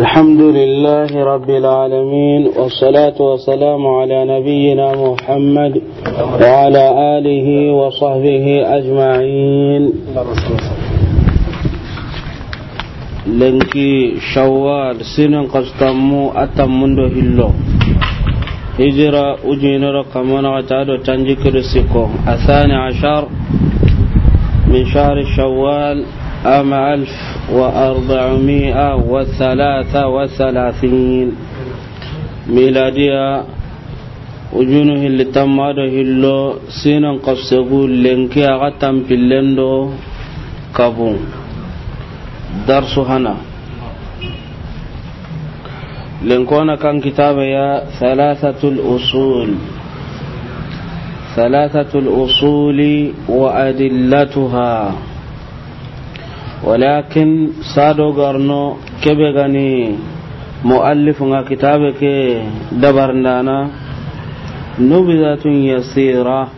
الحمد لله رب العالمين والصلاة والسلام على نبينا محمد وعلى آله وصحبه أجمعين لنكي شوال سنة قصتمو أتم منذ هلو هجرة أجين رقم ونغتاد تنجيك رسيكو الثاني عشر من شهر شوال عام ألف وأربعمائة وثلاثة وثلاثين ميلادية وجونه اللي تماده اللو سينا قفسقو لنكي أغتم في اللندو كابون درس هنا لنكونا كان يا ثلاثة الأصول ثلاثة الأصول وأدلتها walakin sado garno kebe gani muallif nga kitabe ke dabar ndana nubizatun yasira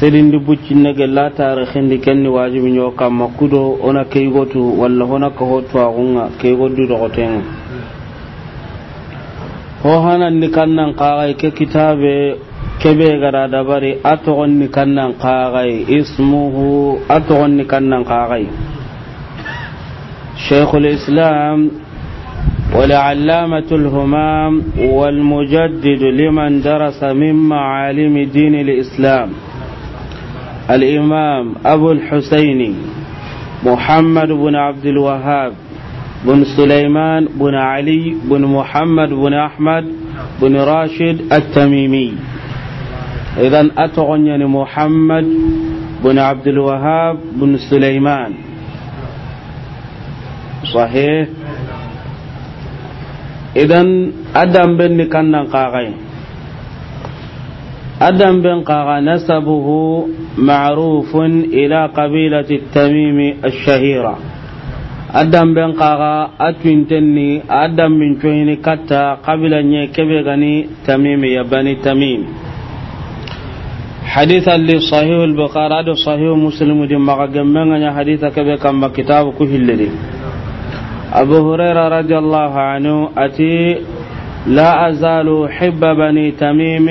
sedin di buccin na gella tarihin di kenni wajibi nyo kamma kudo ona keigotu walla hona ka hotu agunga keigodu dogotenga ho hanan ni kannan kagai ke kitabe kebe gara dabari atogon ni kannan kagai ismuhu atogon ni kannan kagai شيخ الإسلام ولعلامة الهمام والمجدد لمن درس من معالم دين الإسلام الإمام أبو الحسين محمد بن عبد الوهاب بن سليمان بن علي بن محمد بن أحمد بن راشد التميمي إذا أتغني محمد بن عبد الوهاب بن سليمان idan adam ben ni kannan kakai ila qabilati tamimi ash-shahira adam ben kaka atwintenni adam bin coyini katta qabila nye kebe gani tamimi ya bani حديثا لصحيح البخاري صحيح مسلم دي جمعنا حديثا كبه كما كتاب كهللي أبو هريرة رضي الله عنه أتي لا أزال حب بني تميم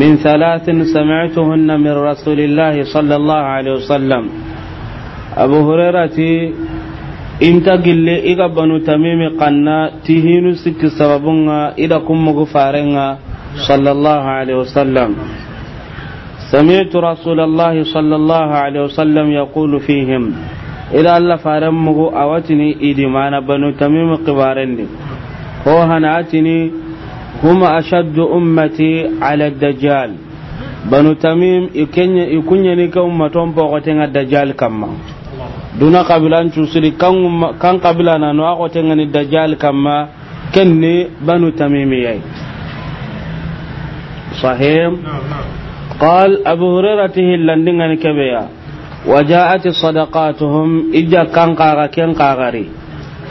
من ثلاث سمعتهن من رسول الله صلى الله عليه وسلم أبو هريرة إنت قل إيقا بنو تميم قنا تهين سك سببنا إذا كم غفارنا صلى الله عليه وسلم سمعت رسول الله صلى الله عليه وسلم يقول فيهم ila allah faran mugu awatini idi mana banu tamim qibarendi ko hanatini huma ashaddu ummati ala dajjal banu tamim ikenya ikunyani ka ummaton pogotenga dajjal kamma duna kabilan cusiri kan kan kabila na no agotenga ni dajjal kamma kenni banu tamim yai sahim قال أبو هريرة هي لندن كبيرة وجاءت صدقاتهم إجا كان قاغا كان قاغري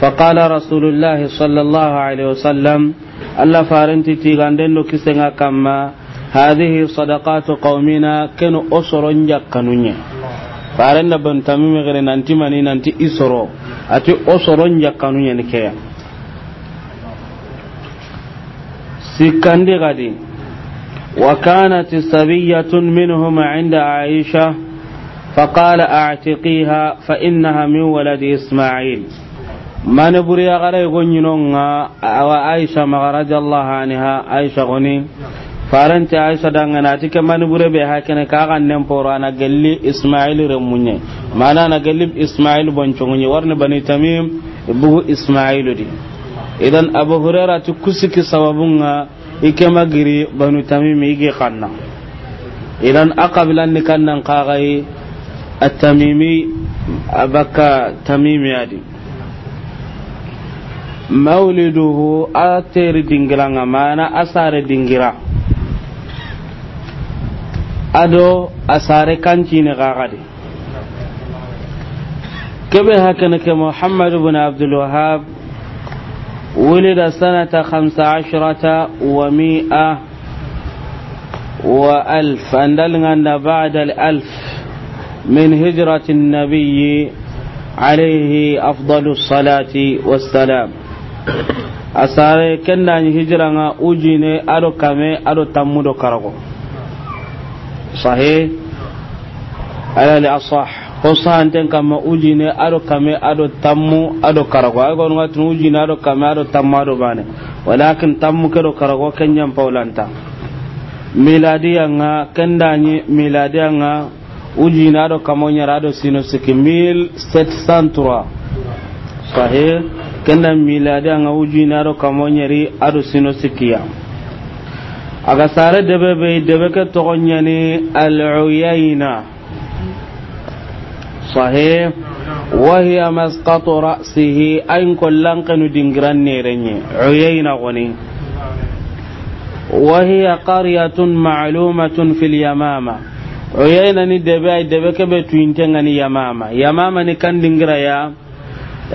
فقال رسول الله صلى الله عليه وسلم ألا فارنت تيغان تيغاندن كسنا كما هذه صدقات قومنا كانوا أسر يقنون فارن بن تميم غير ننتي مني ننتي إسرو أتي أسر يقنون نكيا سكندي غدي وكانت سبية منهم عند عائشة فقال اعتقيها فانها من ولد اسماعيل ما نبري غري غنينونغا او عائشه ما رضي الله عنها عائشه غني faranti aisha dangana tike mani bure be hakene ka kan nem poro ana galli ismail remunye mana ana galli ismail bonchonye warne bani tamim bugu ismail idan abu hurairah tu kusiki sababunga ike magiri banu tamim ige kanna idan aqabilan ni kannan kagai التميمي أبكى تميمي أدي مولده أتير دينجرا مانا أسار دينجرا أدو أسار كانتين غاغدي كبه هكذا محمد بن عبد الوهاب ولد سنة خمسة عشرة ومئة وألف أندلنا بعد الألف من هجرة النبي عليه أفضل الصلاة والسلام asare كنا hijiranga أجيني aɗo kame aɗo tammuɗo karago صحيح ألا لأصح ko sahanten kamma ujine aɗo kame aɗo tammu aɗo karago ay gonuga tun ujine aɗo kame aɗo tammu aɗo bane walakin tammu keɗo karago kenñampawlanta miladiyanga kendañi miladiyanga ujina do kamoñara do sino siki mil 1703 sahi kenda miladi anga ujina do kamoñari ado sino sikiya aga sare debe be debe ke togoñani aluyayna sahi wahiya masqatu ra'sihi ayin kollankenu dingiran nerenye uyayna goni وهي قرية معلومة في اليمامة o yayna ni debe ay debe kebe tuinte ngani yamama yamama ni kan dingira ya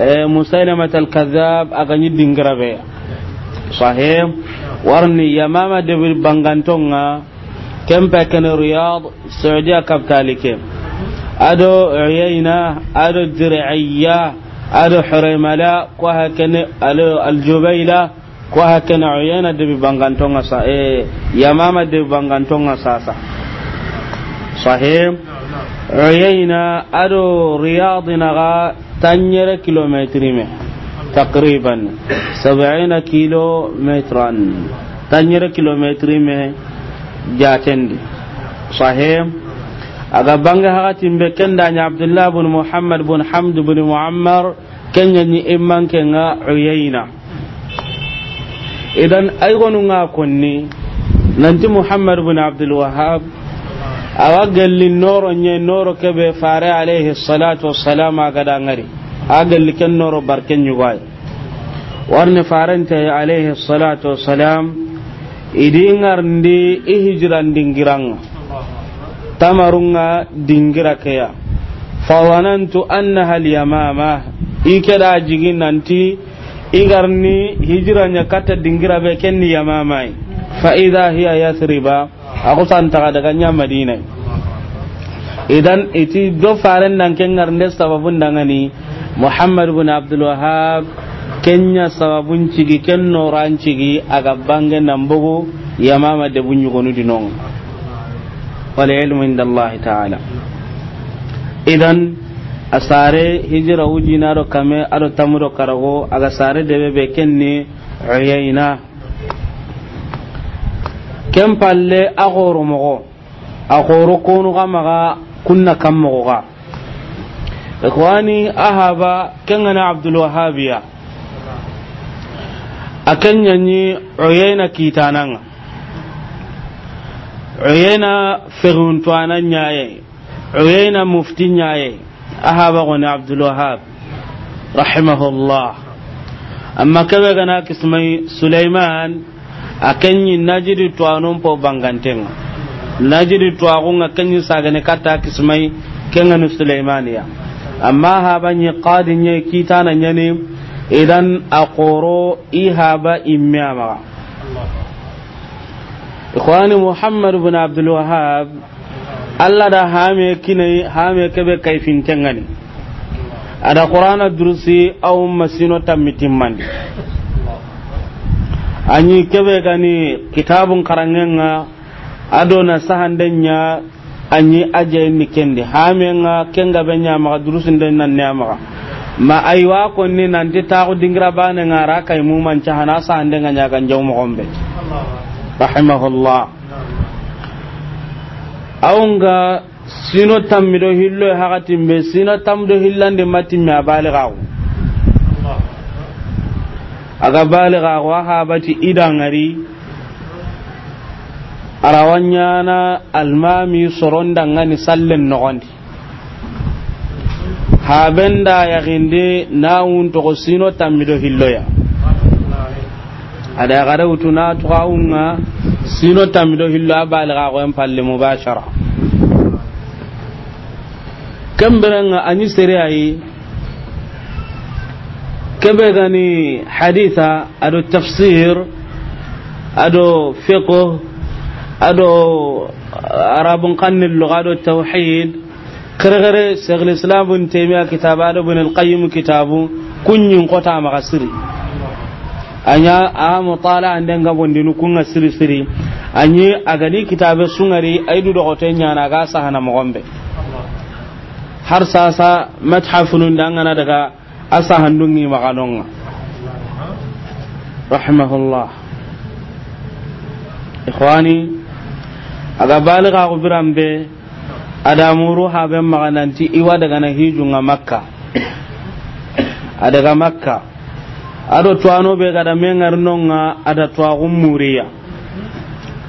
eh, musailama al kadhab aganyi dingira be sahih warni yamama debe bangantonga kempe kene riyad saudiya kaptalike ado uyayna ado dir'iyya ado huremala ko hakene alo aljubaila ko hakene uyayna debe bangantonga sa eh yamama debe bangantonga sasa صحيح عيينا أدو رياضنا غا تنير كيلومتر مه تقريبا سبعين كيلو مترا تنير كيلومتر مه صحيح aga banga hakatin be kenda nya abdullah bin muhammad bin hamd bin muammar kenya ni imman kenga uyayna idan ay gonu nga konni nanti muhammad bin abdul wahhab awa gelli noro nye noro kebe fare alayhi salatu wassalam aga da ngari a gelli ken noro barken nyugay warne faranta alayhi salatu wassalam idi ndi i hijran dingiranga tamarunga dingira kaya fawanantu annaha alyamama i keda jigi nanti igarni garni hijiranya kata dingira be kenni yamama fa idha hiya yathriba aku santaka daga nya madina idan iti do faran nan ken ngarnde sababun dangani muhammad ibn abdul wahhab kenya sababun cigi ken noran cigi aga bange nan bugu yamama de bunyu gonu dinon inda allah ta'ala idan asare hijira wujina do kame ado tamudo karago aga saare de be kenne uyayna ken palle a xoro moxo a xoro maxa kunna kam moxoxa ikhwani a haba kengana abdulwahabiya a kenyañi oyena kitananga oyena fexintuana ñaye oyena mufti ñaye a haba xone abdulwahab rahimahullah amma keɓe gana kismai suleiman akenyi najiri twanon po bangantenga najiri twagunga kenyi sagane kata kismai kenga nu sulaimaniya amma habanyi qadinye kitana nyani idan aqoro ihaba immama ikhwani muhammad ibn abdul wahhab allah da hame kinai hame kebe kaifin tengani ada qur'ana durusi aw masino tammitin mandi anyi kebe gani kitabun karangenga adona nya anyi aje ni kende hamenga kenga benya ma durusin den nan nyama ma aiwa konni nan ti ta dingira bane ngara kai mu man chahana sahandenga kan jom mo gombe rahimahullah aunga sino tammido hillo hakatimbe sino tamdo hillande abale gawo aga baliga wa habati idangari arawanyana almami sorondangani sallen nogondi habenda na nawun to sino tamido hilloya ada yagara to tuxawunga sino tamido hillo a en palle mubashara kemberenga ani ayi kebe gani haditha ado tafsir ado fiqh ado arabun kannin lugha ado tauhid kirgire shaykhul islam ibn taymiya kitabu ado ibn al-qayyim kitabu kunyin kota anya a mutala an danga bondinu kunga siri siri anyi agani kitabe sungari aidu da hoton yana ga sahana harsasa har sasa matahafunun dangana daga asa handungi maganonga rahimahullah ikhwani aga baliga ko birambe ada muru habe makananti iwa daga na hiju hijunga makka adaga makka ado tuano be gada mengar nonga ada tuwa muriya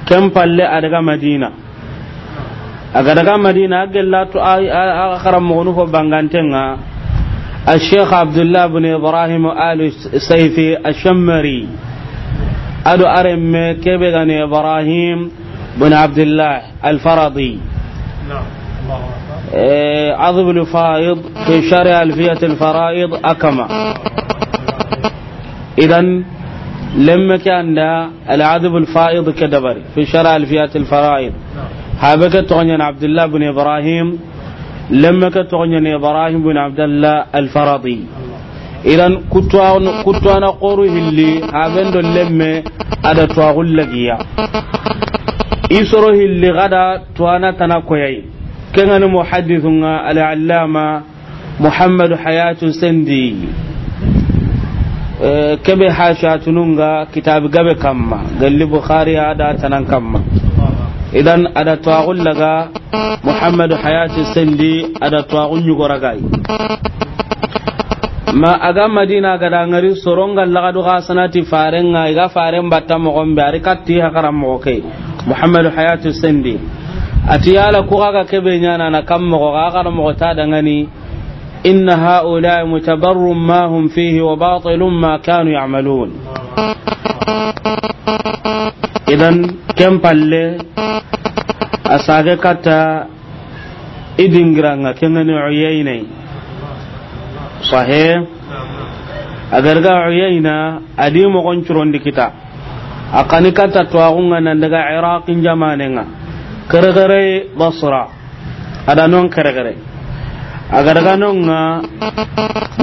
kem palle adaga madina aga daga madina agella to a karam mo no bangantenga الشيخ عبد الله بن إبراهيم آل سيفي الشمري أدو أرم كبغن إبراهيم بن عبد الله الفرضي نعم عظم الفائض في شرع ألفية الفرائض أكما اذا لما كان العذب الفائض كدبر في شرع ألفية الفرائض نعم. هابك تغني عبد الله بن إبراهيم لما كتغني إبراهيم بن عبد الله الفرضي idan kutuwana koru hilli haben do lemme ada tuwagul lagiya isoro hilli gada tuwana tana koyai kengani muhaddithun al'allama muhammadu hayatu sandi kebe hashatununga kitab gabe kamma galli bukhari ada tanan kamma idan ada tawagul laga muhammadu hayati sandi ada tawagul nyugora gai ma aga madina ga ngari soronga laga sanati iga farin batta mo gombe katti muhammadu hayati sandi ati yala ku ga kebe nyana na kam mo ga ta da ngani inna ha'ula'i mutabarrum ma hum fihi wa batilum ma kanu ya'malun idan ken palle a sage katta idingiranga kengani uyainai sahe a garga uyaina adi mogon curondi kita a kani katta twagunga nan daga iraqin jamanenga kirgire basra ada non kirgire a garga nonga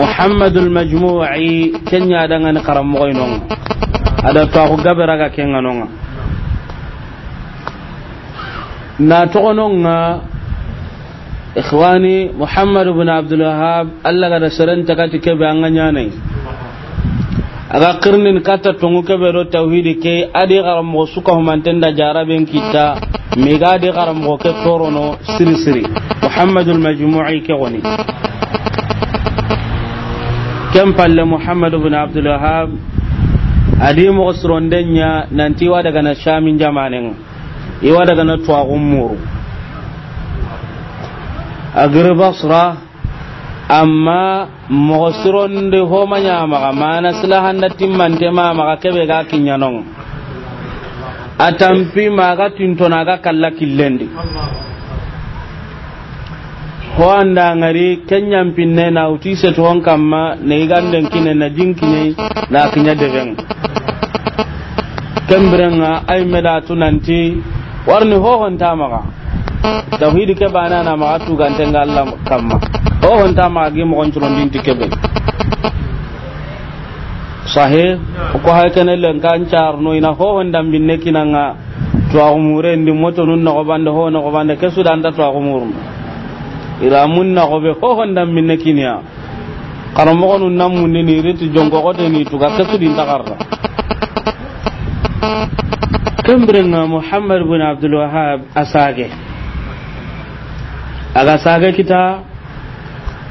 muhammadu almajmu'i kenya dangani karamogoinonga ada twagu gabiraga kenga nonga na ga ikhwani muhammad bin abdullahab allah ga da saran takati ke ganya ne a ga kirnin kata tungu ke be tauhidi ke adi garam mo suka humantin da jarabin kita mai ga adi garam mo ke torono siri siri muhammad al majmu'i ke woni kem palle muhammad ibn abdul adi mo srondenya nan tiwa daga na shamin iwa daga na tuwagun muru a basra amma mogosiron da homa ya maka mana silahan da timman ma maka kebe ga kinyanon a tamfi ma ga tintona ga kalla killendi ho anda ngari kenyam pinne na utise to hon kamma ne ganden kine na jinkine na kinya deben kembrenga ay meda tunanti warni hohon ta maga tauhid ke bana na ma tu ganten ga Allah kamma hohon ta maga gi mo kontron din tike be sahe ko hay kan len kan char no ina hohon dam bin ne kinanga to agumure ndi moto nun na bande ho na bande ke sudan da to agumur ira mun na gobe hohon dam bin ne mo karamogo nun mun ni ko jongogote ni tuga ke din takar kembirenga muhammad bin abdulwahab asage aga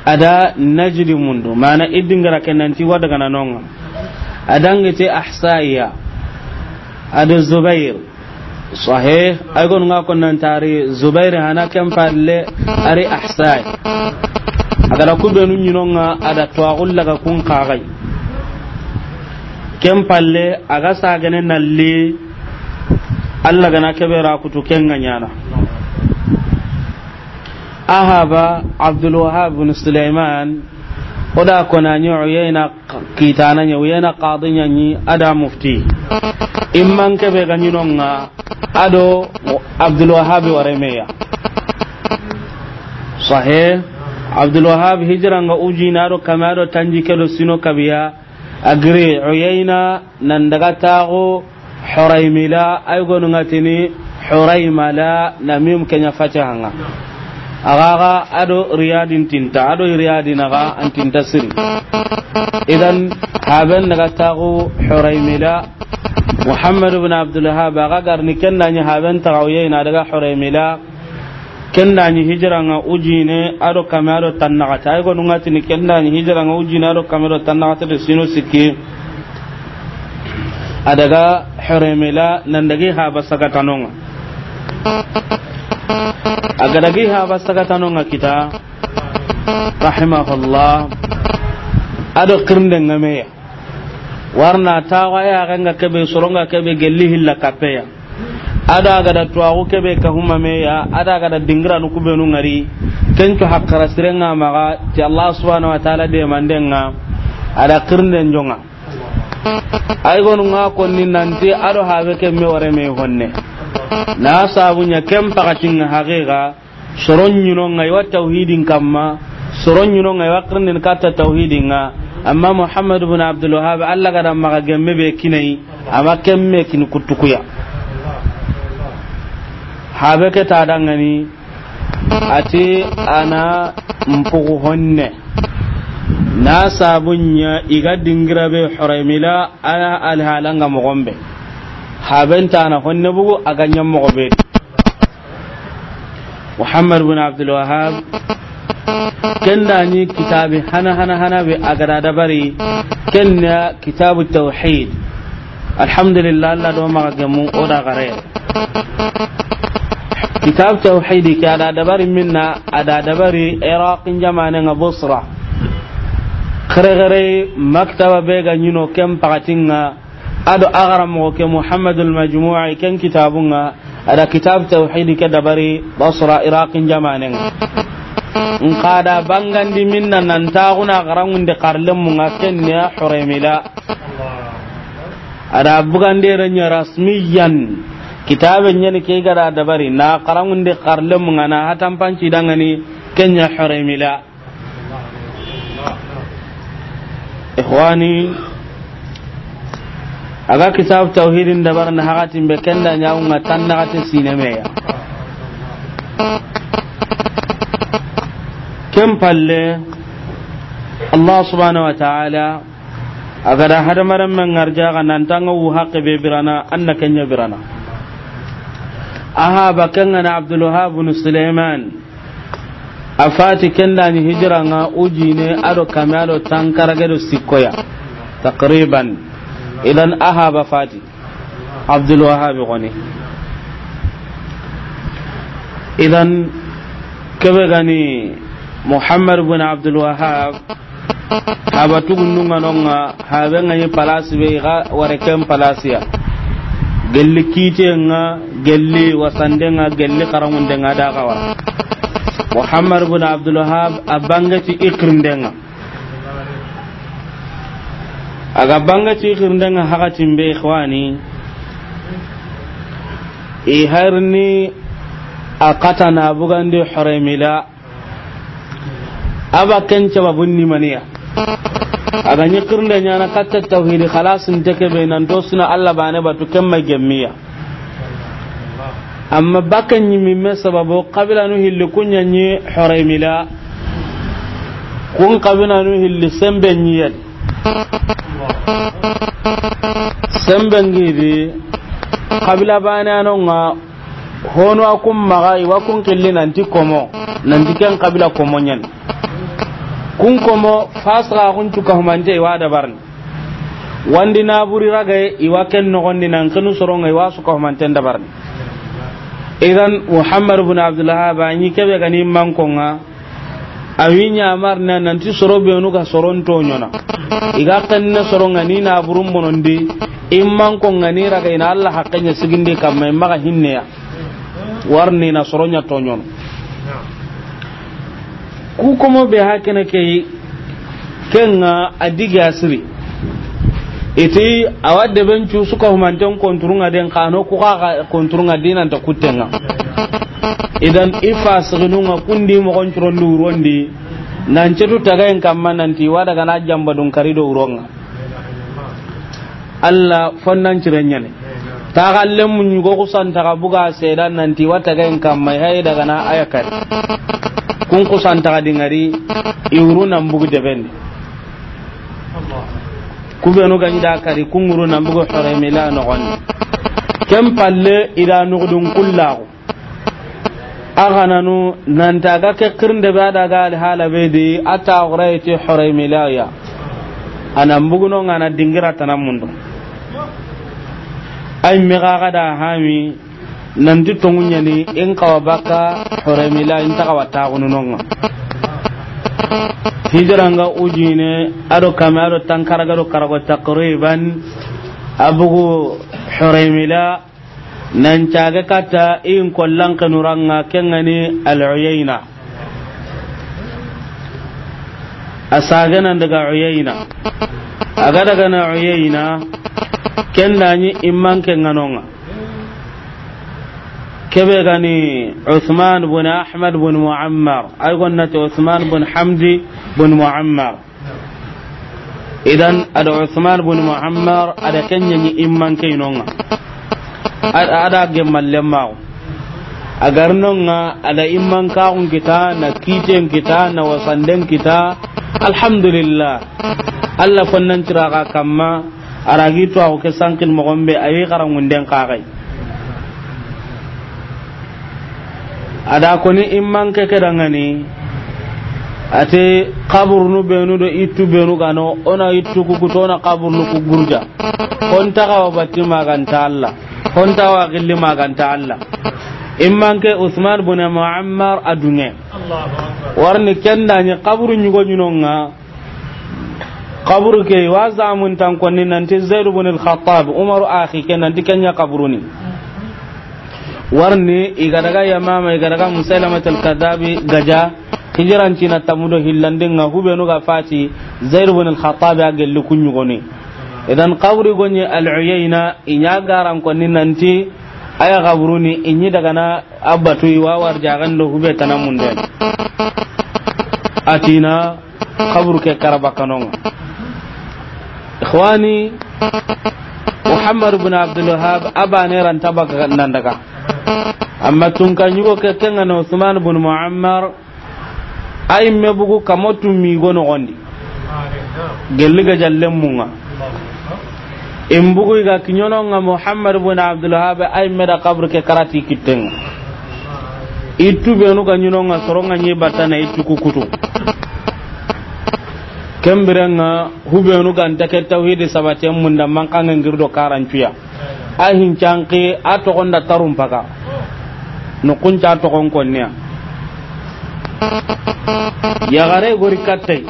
ada najdi mundu mana idingara kenanti wadaga nanonga adangete ahsaiya ada zubair sahih agon nga konnan tari zubair hana kan palle ari ada twagulla ga kun palle aga sagene allah gana kebera kutu kenga nyana ahaba wahab bin sulaiman oda konani uyena kitananya uyena qadiyanyi ada mufti imman kebe nga ado abdul wahab waremeya sahih wahab hijra nga uji naro kamado tanji kelo sino kabiya agri uyena nan daga tago huraymila ay gonu ngatini huraymala lamim kenya fatihanga agaga ado riyadin tinta ado riyadin aga antinta siri idan haben naga tagu huraymila muhammad ibn abdul wahhab aga garni kennanyi haben tagawye ina daga huraymila kennanyi hijranga ujine ado kamaro tannagata ay gonu ngatini kennanyi hijranga ujine ado kamaro tannagata de sino sikki adaga harimila nan dagi ha basaka tanonga aga dagi ha basaka tanonga kita rahimahullah ado kirnde ngameya warna tawa ya ganga kebe soronga kebe gelli hilla kapeya ada aga da tuwaku kebe ka huma meya ada aga da dingira nu kubenu ngari kencu hakkara sirenga maga ti allah subhanahu wa ta'ala de mandenga ada kirnde njonga ay gonu nga konni nanti ado habe ke me wore honne na sabunya kem pakatin haqiqa soron yuno ngai wa kamma soron yuno ngai wa qirnin kata amma muhammad ibn abdul wahhab alla gara maga gemme bee kinai amma kemme kin kutukuya Haabe ke ta dangani ati ana mpugu honne na sabunya iga dingira be horaimila ala alhalanga mogombe habenta na honne bugu aganya mogobe muhammad bin abdul wahhab kenda ni kitabi hana hana hana be agada dabari kenna kitabu tauhid alhamdulillah allah do magamu oda gare kitab tauhid ki da dabari minna ada dabari iraqin jama'an busra khere-khere maktaba be nyino kem pakatinga ado agara mo ke muhammadul majmu'i ken kitabunga ada kitab tauhid ke dabari basra iraqin jamanen in kada bangandi minna nan ta guna garangun de karlem mun ya huremila ada bugande ranya rasmiyan kitaben nyani ke gara dabari na qarangun de karlem mun ana hatan panci dangani kenya huremila ikhwani aga kitab tauhidin da barna hakatin be kenda nyawu nga tan na kata sineme ya kem palle allah subhanahu wa ta'ala aga da hada maran man arja ga nan tanga wu haqqi be birana annaka nya birana aha bakanga na abdul wahab ibn sulaiman a fati ni hijira nga ujine ado kame ado tankara gado sikoya takriban idan ahaba fati wahabi goni idan kebe gani muhammad bin wahab haba nunga nunga habe nga yi palasi be ga palasi ya gelli kiite nga gelli wasande nga gelli karangunde nga dagawa muhammad ibn abdul wahab ci ti ikrindenga aga banga ti ikrindenga hakatin be ikhwani i harni a katana bugandi horemila aba kence babun nimaniya aga nyikirnde nyana katta tauhidi khalasin take be nan to suna allah bane batu kemma gemmiya amma bakan yi ñimimme sababu kabilanu hilli kunñañi horemila kun kabilanu hilli sembe ñiyet sembengidi kabila baneanonga hono akum kun maga iwa kun killi nanti komo nanti kan kabila komo nyen kun komo fasra kun cukahumante iwa dabarni wandi ragai iwa ken nogondi nan kenu soronga iwa da barni idan muhammad ibn abdullah ba ni kebe gani man konga awi mar na ti soro be nuka soro to nyona iga na soro ni na burum bonondi imman ko ngani raga ina allah hakkanya sigindi mai maga hinne ya warni na soro nya to nyon ku kuma be hakina ke kenga adiga asri iti awadde bencu suka humanten konturunga den kano kuka konturunga dinanta kuttenga idan ifa siginunga kundi mogon curolli wurondi nancetu tagayen kamma nanti wa daga na jamba dun kari do wuronga alla fonnan cirenyane ta kallen mun yugo kusan ta buga sedan nanti wa kan kamma hay daga na ayakari kun kusan ta dingari iuru nan bugu bende kubenu ga da kari kunguru nan bugo harami la no gonni kem palle ida nugdun kullahu agananu nanta ga ke kirnde ba daga hala be di ata gurayti harami la ya anan buguno ngana dingira tanan mundu ay mi ga ga da hami nan ti tongunya ni in kawa baka harami la in ta kawa ta gununonga hijiranga ujine ado kame ado tankaraga do karago takriban abugu huraymila nan caga kata in kollan kanuranga kengani al-uyayna asaganan daga uyayna aga daga na uyayna ni imman kenganonga kebe gani Usman bin Ahmad bin Muammar ay gonnati Uthman bin Hamdi bin Muammar idan ada Usman bin Muammar ada kenya ni imman kainonga ada ada gemallem mawo agar nonga ada imman kaun kita na kiten kita na wasanden kita alhamdulillah Allah fannan tiraga kamma aragi to ko sankin mogombe ayi garangunden kagai ada koni imman ke kedangani ate kabur nu benu do itu benu kano ona itu kuku to ona kabur nu ku gurja konta ka wabati magan ta Allah konta wa gilli magan ta Allah imman ke usman bin Muammar adunya warni kenda ni kabur nyugo nga kabur ke wa zamun tan konni nanti Zaid bin al-Khattab Umar akhi kenan dikanya kaburuni warni igadaga yamama igadaga musailamat al-kadabi gaja hijiran cina tamudo hillande hillandinga no ga fati zair ibn al-khattab a lukunyu goni idan qawri goni al-uyayna inyagaran garan konni nanti aya gaburuni inyi daga na abatu wa war jagan do hube tanamunde atina qabru ke karabakanonga ikhwani muhammad ibn abdul wahhab abane ran tabaka nan daga amma tun kan yugo ke kenga na usman ibn muammar ay me bugu kamotu mi gono gondi gelli ga jallem munga in bugu ga kinyono nga muhammad ibn abdul wahhab ay me da qabr ke karati kiteng itu benu ga nyono nga soronga nyi batana itu kukutu nga hubenu ga ntake tawhid sabatem mun da man ngirdo karantuya a hincanki a togonda tarum paka nukunca togon konniya yagare gori kattai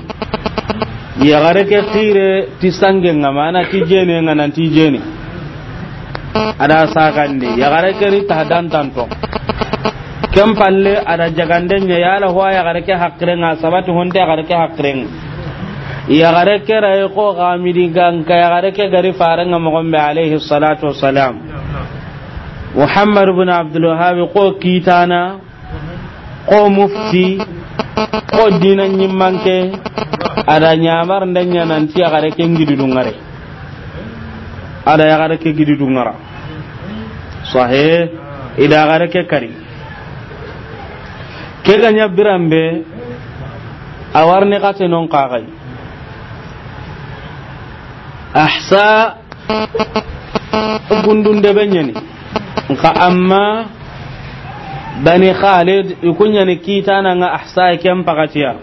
yagare ke tire ti sange nga mana ti jene nga nan ti jene ada sakandi yagare ke ri tahdan tanto kem palle ada jagandenya yala huwa yagare ke hakrenga sabati honte yagare ke hakrenga yagare kera ko gamidi ganka yagare ke gari faranga mogombe alayhi salatu wassalam muhammad ibn abdul wahhab ko kitana ko mufti ko dina manke ada nyamar ndanya nanti yagare ke ngidi dungare ada yagare ke gidi dungara sahih ida yagare ke kari ke ganya birambe awarni kate non kagai ahsa gundun da benyani nka amma bani khalid ikunya ni kita na nga ahsa kem pakatiya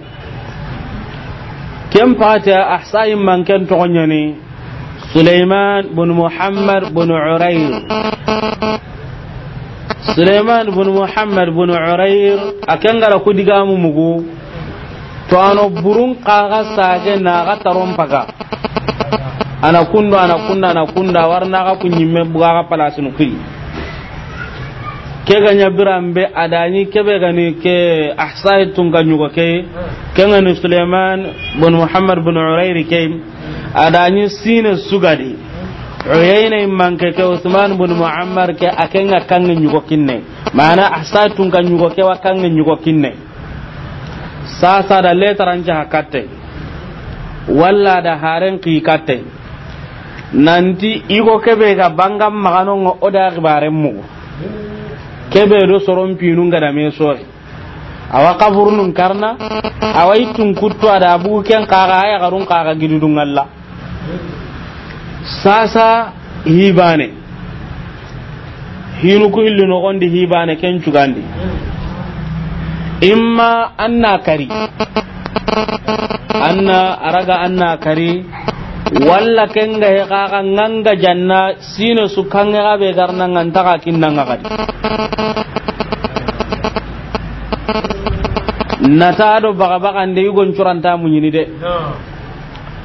kem pakatiya ahsa man ken tokonya ni sulaiman bin muhammad bin urair sulaiman bin muhammad bin urair akan gara ku diga mu mugu to ano burun kaga sage na ga taron paga ana kundo ana kunda ana kunda warna ka kunyi me buga ka pala sunu kiri ke ga nyabiran be adani ke be gani ke ahsai tunga ga nyugo ke ke ngani Sulaiman bin Muhammad bin Urairi ke adani sine sugadi uyayna manke ke Usman bin Muammar ke akenga kan nyugo kinne mana ahsai tunga ga nyugo ke wa kan nyugo kinne sasa da letaran jaha katte walla da haren qi katte nanti iko kebe ga bangam magano ngo oda gbare mu kebe do soron pinu ngada me sori awa kafurun karna awa itun kuttu ada abu ken kaga ya garun kaga gidudun Allah sasa hibane hinu ku illu no gondi hibane ken cugandi imma anna kari anna araga anna kari walla kenga he kaga nganga janna sino su kanga ga be garna nganta ka kinnanga kadi nata do baga baga nde yugon curanta mu nyini de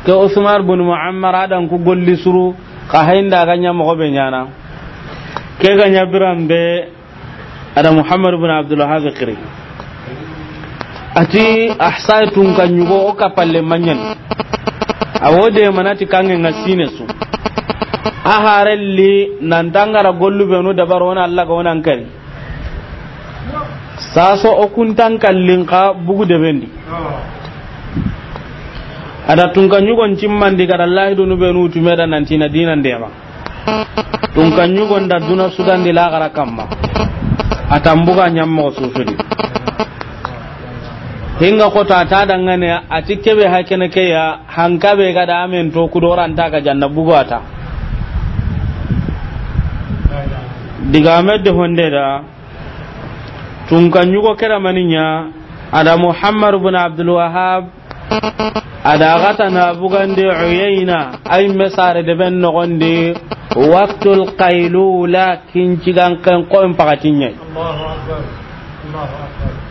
ke usmar bin muammar adan ku golli suru ka hainda ga nya mo be nyana ke ga nya biram be ada muhammad bin abdullah zakiri ati ahsaitum kan yugo o palle manyan a awode manati kangen ngasine su a aharelli nan tangara gollu benu dabar wona Allah ga wonan kari saso o okun tankallin ka bugu de bendi ada tunka nyugon cimman di kada lahi dunu benu tumeda nan tina dinan dema tunka nyugon da duna sudan di lagara kamma atambuga nyammo susudi hinga ko ta dangane a cikke be hakene ke ya hanka be ga da amen to ku doran ta ga janna bugata diga medde honde da tun kan yugo kera maninya ada muhammad ibn abdul wahhab ada gata na bugande uyaina ay mesare de ben no gonde waqtul qailula kin cigan kan ko allahu akbar allahu akbar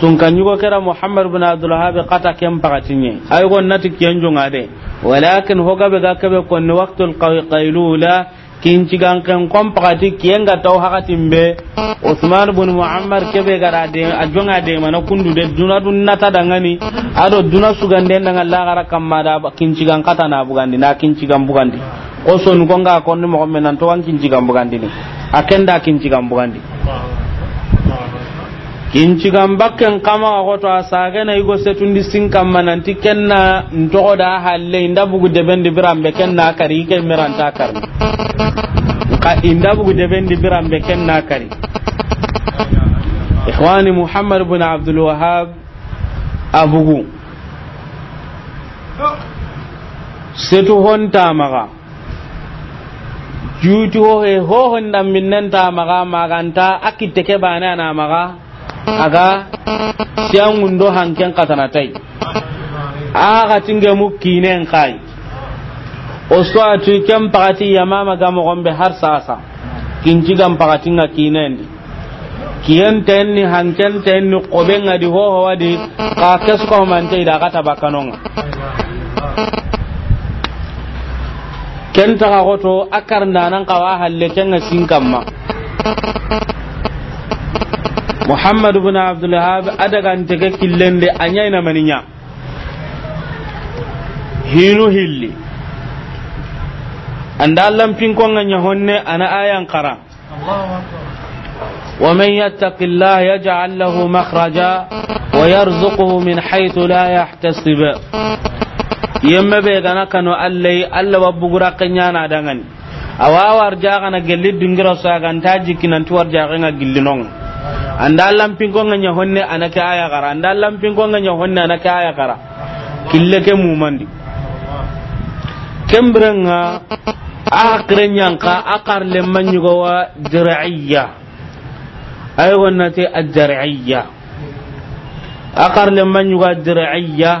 tun kan yugo kera muhammad bin abdul wahhab qata kem pagatinye ay gon nati kenjo de walakin hoga be ga kebe kon waqtul qailula kin cigan kan kon pagati pakati ga taw hakatin be usman bin muammar kebe gara de ajonga de mana kundu de duna dun nata dangani ado duna sugande nan allah gara kamma da cigan kata na bugandi na kin cigan bugandi oso nugo nga kon mo men nan to kan cigan bugandi ni akenda kin cigan bugandi kincigan bakken kama goto a sagana igo setundi sin kamma nanti kenna ntogoda halle inda bugu debendi birambe kenna kari ike kari bugu debendi birambe kenna kari ihwani muhammad ibn abdul wahab abugu setu honta maga juuti ho he hohon dan minnen ta maga maganta akitte ke bana na maga aga siyangun do katanatai aga tinge muki kinen kai oswatu kem ya mama ga gombe har sasa kinci gam nga kinendi kiyen tenni hanken tenni qobe nga di hoho wadi ka kes ko man da kata bakanonga ken koto akar nanan kawa halle ken ga kamma muhammad ibn abdul wahhab adaga ntege killende anya na maninya hinu hilli anda allan pinko nganya honne ana ayan qara ومن يتق yaj'al lahu makhraja wa yarzuquhu min haythu la yahtasib yemme be gana kanu allai alla wabbu gura kanya na dangan awawar jaga na gelli dingira sa kan tuwar jaga na gillinon anda lampin ko nganya honne anaka aya gara anda lampin ko nganya honne anaka aya gara kille ke mumandi kembrenga akren yanka akar le manyu go wa dir'iyya ay wonnati ad-dir'iyya akar le manyu go diriyya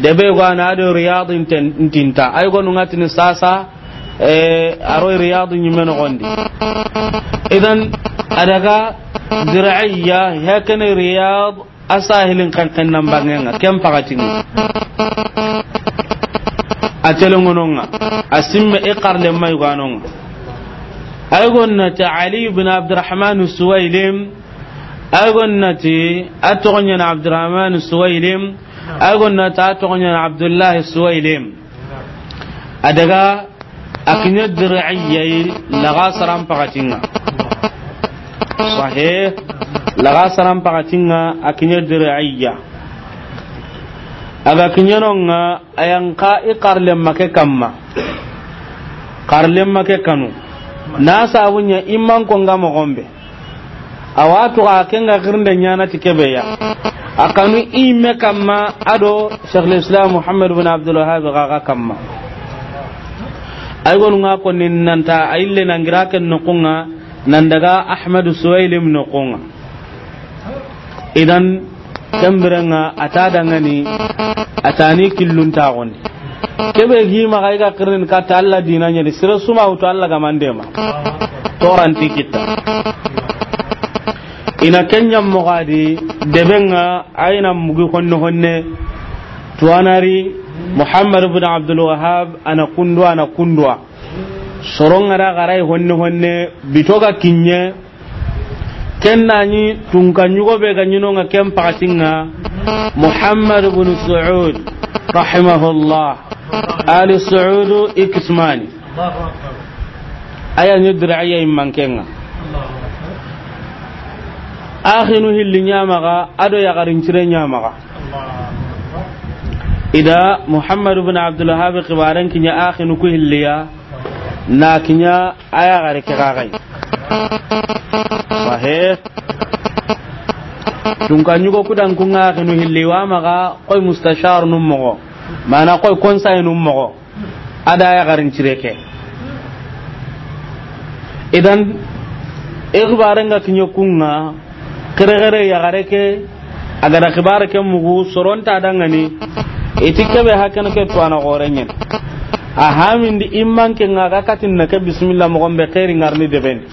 debe go na do riyad intinta ay go nungati ni sasa e eh, aro riyad nyimeno gondi idan adaga dir'ayya hakana riyad asahilin kankan nan bangenga kem pagatinga atelengononga asimme iqarle mai gwanonga ay gonnati ali ibn abdurrahman suwailim ay gonnati atogonyana abdurrahman suwailim ay gonnati atogonyana abdullah suwailim adaga akinya dir'ayyai laga saram pagatinga sahih laga saram pakatinga akinya diraiya aga kinyanonga ayan ka i karlen make kamma karlen make kanu na sabunya imman konga a awatu ka kenga girnde ke be ya akanu ime kamma ado shaykhul islam muhammad ibn abdul wahhab ga kamma ma. Ayi nga ko nin nanta ay le nangira ke no nan daga ahmadu suwail ibn qunga idan tambirenga ata ni atani killun ta gondi kebe gi ma kai ga kirin ka ta Allah dinanya ni sira suma to Allah ga mande ma toran tikita ina kenya mo gadi debenga aina mugi honno honne tuanari muhammad ibn abdul wahhab ana kundwa ana kundwa sorongara garai honne honne bitoga kinye ken nani tunka nyugo be ga nyino nga ken pakatinga muhammad ibn suud rahimahullah ali suud ikismani aya ni diraya immankenga akhinu hilli nyamaga ado ya garin cire nyamaga ida muhammad ibn abdul wahab qibaren kinya akhinu ku hilliya na kinya aya gare ke gagai wahe dun kan yugo kudan kun ga kinu hilli wa maga koy mustashar num mogo mana koy konsay num mogo ada aya garin cireke idan ikhbaran ga kinyo kunga kere ya gare ke agada akhbar ke mugu soronta dangane iti kebe hakan ke tuana gorenyen a di imman ke ngaga katin na ke bismillah mo gombe khairi ngarni deben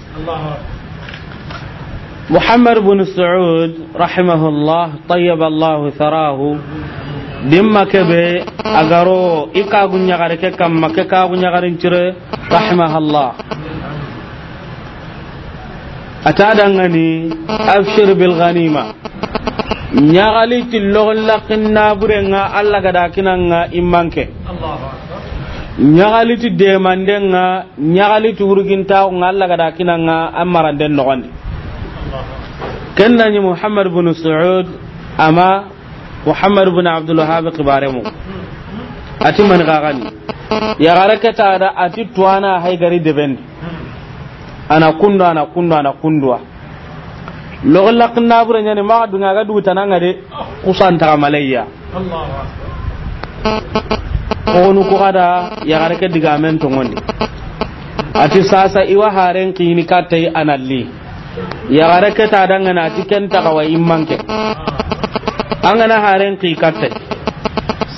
muhammad ibn saud rahimahullah tayyaba allah tharahu dimma kebe agaro gare ke garin rahimahullah ata dangani bil ghanima lakin naburenga alla gada kinanga imanke allah nyagaliti demandenga nyagaliti taw allah gada kinanga an den noxondi kenna ni muhammad bnu suud ama muhammad bnu abdulwahab kibaremu ati ya xaxani ta da ati tuana hay gari ben ana kundu ana kundu ana kunduwa bure nyani ma du dunga ga tananga de kusanta malayya honu ko kada ya garke diga men tongoni ati sasa iwa haren kini katai analli ya garke ta danga na tiken ta kawa immanke angana haren ki katai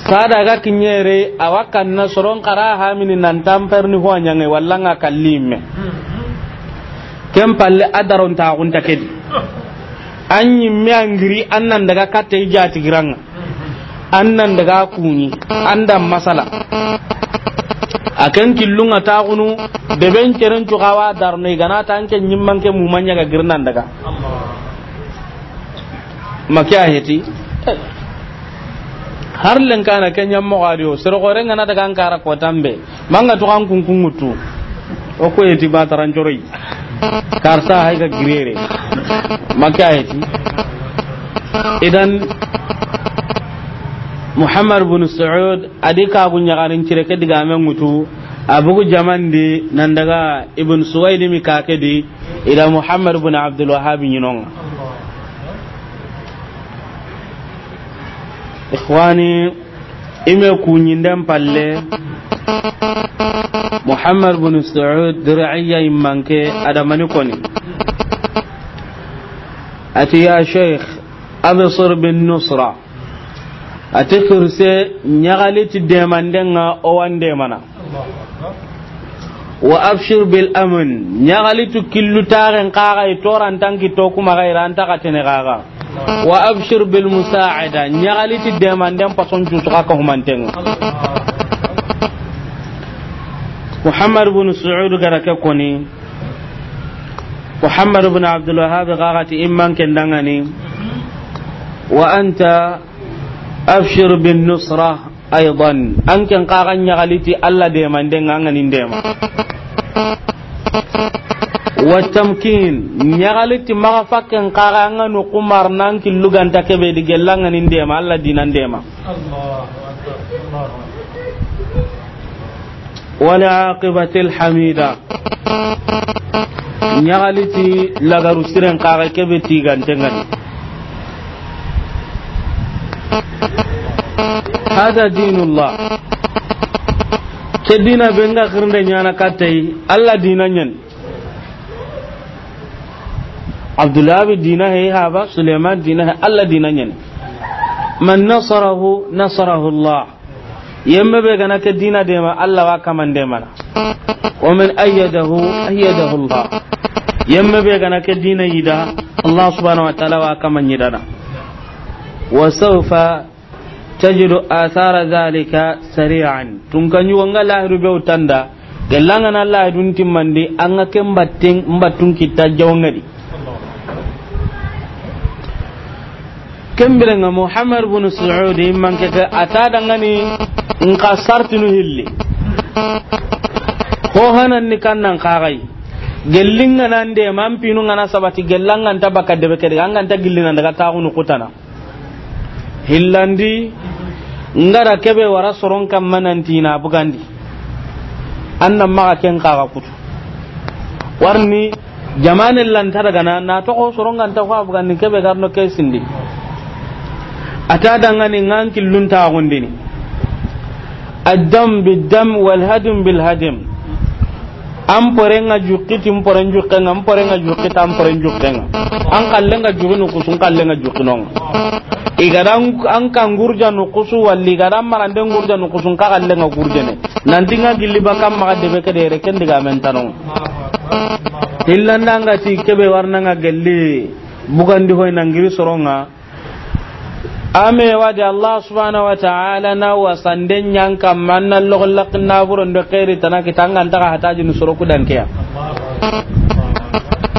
sada ga kinyere awakan na soron kara ha mini nan tamper ni ho nyange wallanga kallime kem palle adaron ta gunta kedi anyi me annan daga katai jati giranga annan daga kuni andan masala akan killunga ta kunu da ben keren cukawa darnai gana ta anke nyimman ke mumanya ga girnan daga makiya heti har lenkana kenyan mawariyo sirgoren gana daga an kara kwatan be manga tukan kunkun mutu o ko yeti bataran coroi karsa hay ga girere makiya heti idan muhammad bin sa'ud adika gun ya garin cire ke diga men mutu abugu jaman di nan daga ibn suwaidi mi kake di ila muhammad bin abdul wahhab yinon ikhwani ime kunyin dan palle muhammad bin sa'ud dir'iyya imanke adamani koni ati ya sheikh absir bin nusra ate kirse nyagali ti demandenga owan demana wa abshir bil amun nyagali tu killu taren tora itoran tanki to kuma gaira anta katene kaga wa abshir bil musaada nyagali ti demanden pason tu suka ka humantenga muhammad ibn su'ud garaka koni muhammad Bin abdul wahhab gaga ti imman kendangani wa anta abshir bin nusra aidan an kan kakan nyagaliti allah de manden nganin de ma watamkin nyagaliti kumar nan di ma dinan de ma wala aqibatil hamida lagaru siren hada dinullah ke dina benga kirnde nyana katai alla dina nyen abdullah bi dina he haba suleiman dina he alla dina nyen man nasarahu nasarahu allah yemma be gana ke dina de ma alla wa kamande mana wa man ayyadahu ayyadahu allah yemma be gana ke dina yida allah subhanahu wa ta'ala wa na. وسوف تجد آثار ذلك سريعا تنكني وانغا لاهر بيو تندا gelangana allah tun timmandi an ga ken batten mbattun kitta jawngadi kembire nga muhammad bin saudi man ke ka ata dangani in ka sartinu hilli ko hanan ni kannan kagai gellin nan de man pinu ngana sabati gellangan tabaka debe kede angan ta gillina daga ta kunu kutana hillandi ngara kebe wara soron kam mananti na bugandi annan maka ken kaga kutu warni jamanin lanta daga na na toko soron kan ta kwa bugandi kebe garno kai sindi ata dangane ngan killun ta gundini addam biddam wal hadim bil hadim am pore nga tim mpore njukke ngam mpore nga tam mpore njukke ngam an kallenga jukki no kusun kallenga jukki no igadan an kan gurja no kusu walli garan maranden gurja no kusun ka galle nga gurja ne nan tinga gilli bakam ma de ke de reken diga men tanon illan nga ti kebe warna nga gelle bugan di hoy nangiri soronga ame wadi allah subhanahu wa ta'ala na wasanden nyang manna logol lak na buron de khairi tanaki tangan taka hataji ni soroku dan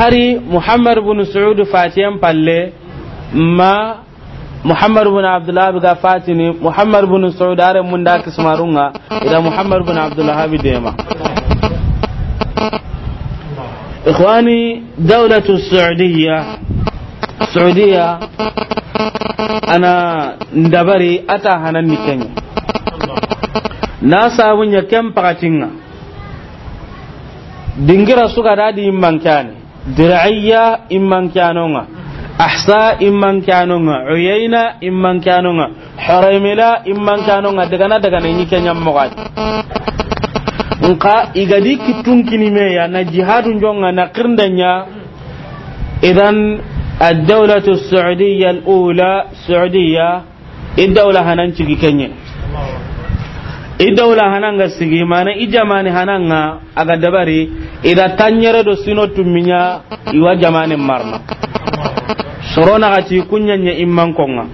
hari muhammad bin Sa'udu fatiyan palle ma muhammad bin abdullah ga fatini muhammad bin Sa'udu are mun da kismarunga ida muhammad bin abdullah habi dema ikhwani dawlatu saudiya saudiya ana ndabari ata hanan ni kenya na sabunya kem pakatinga dingira suka dadi mankani dir'iyya imman kanonga ahsa imman kanonga uyayna imman kanonga haraymila imman kanonga daga na daga na yake nyam mo nka igadi kitun kini meya na jihadun jonga na kirndanya idan الدولة السعودية الأولى سعودية الدولة هننشي كنيا idaula hananga sigi mana ijamani hananga aga dabari ida tanyere do sino tumminya iwa jamani marna sorona gati kunyanya imman konga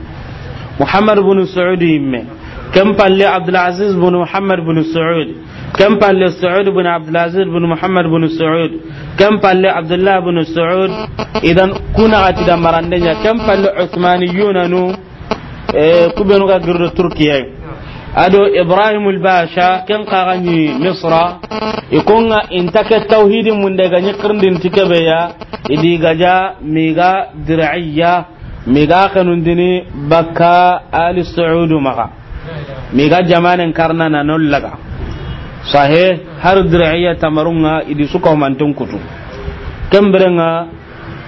muhammad ibn saud imme kam palle abdul aziz ibn muhammad ibn saud kam palle saud bin abdul aziz ibn muhammad ibn saud kam palle abdullah ibn saud idan kuna gati da marandenya kam palle yunanu nu eh, kubenu ga girdo turkiya ado ibrahim basha ken kagani misra ikonga intake tauhidi mun daga din tikebe ya idi gaja miga dir'iyya miga kanun dini bakka ali saud maka miga jamanen karna na nollaga sahe har dir'iyya tamarunga idi suka mantun kutu kembrenga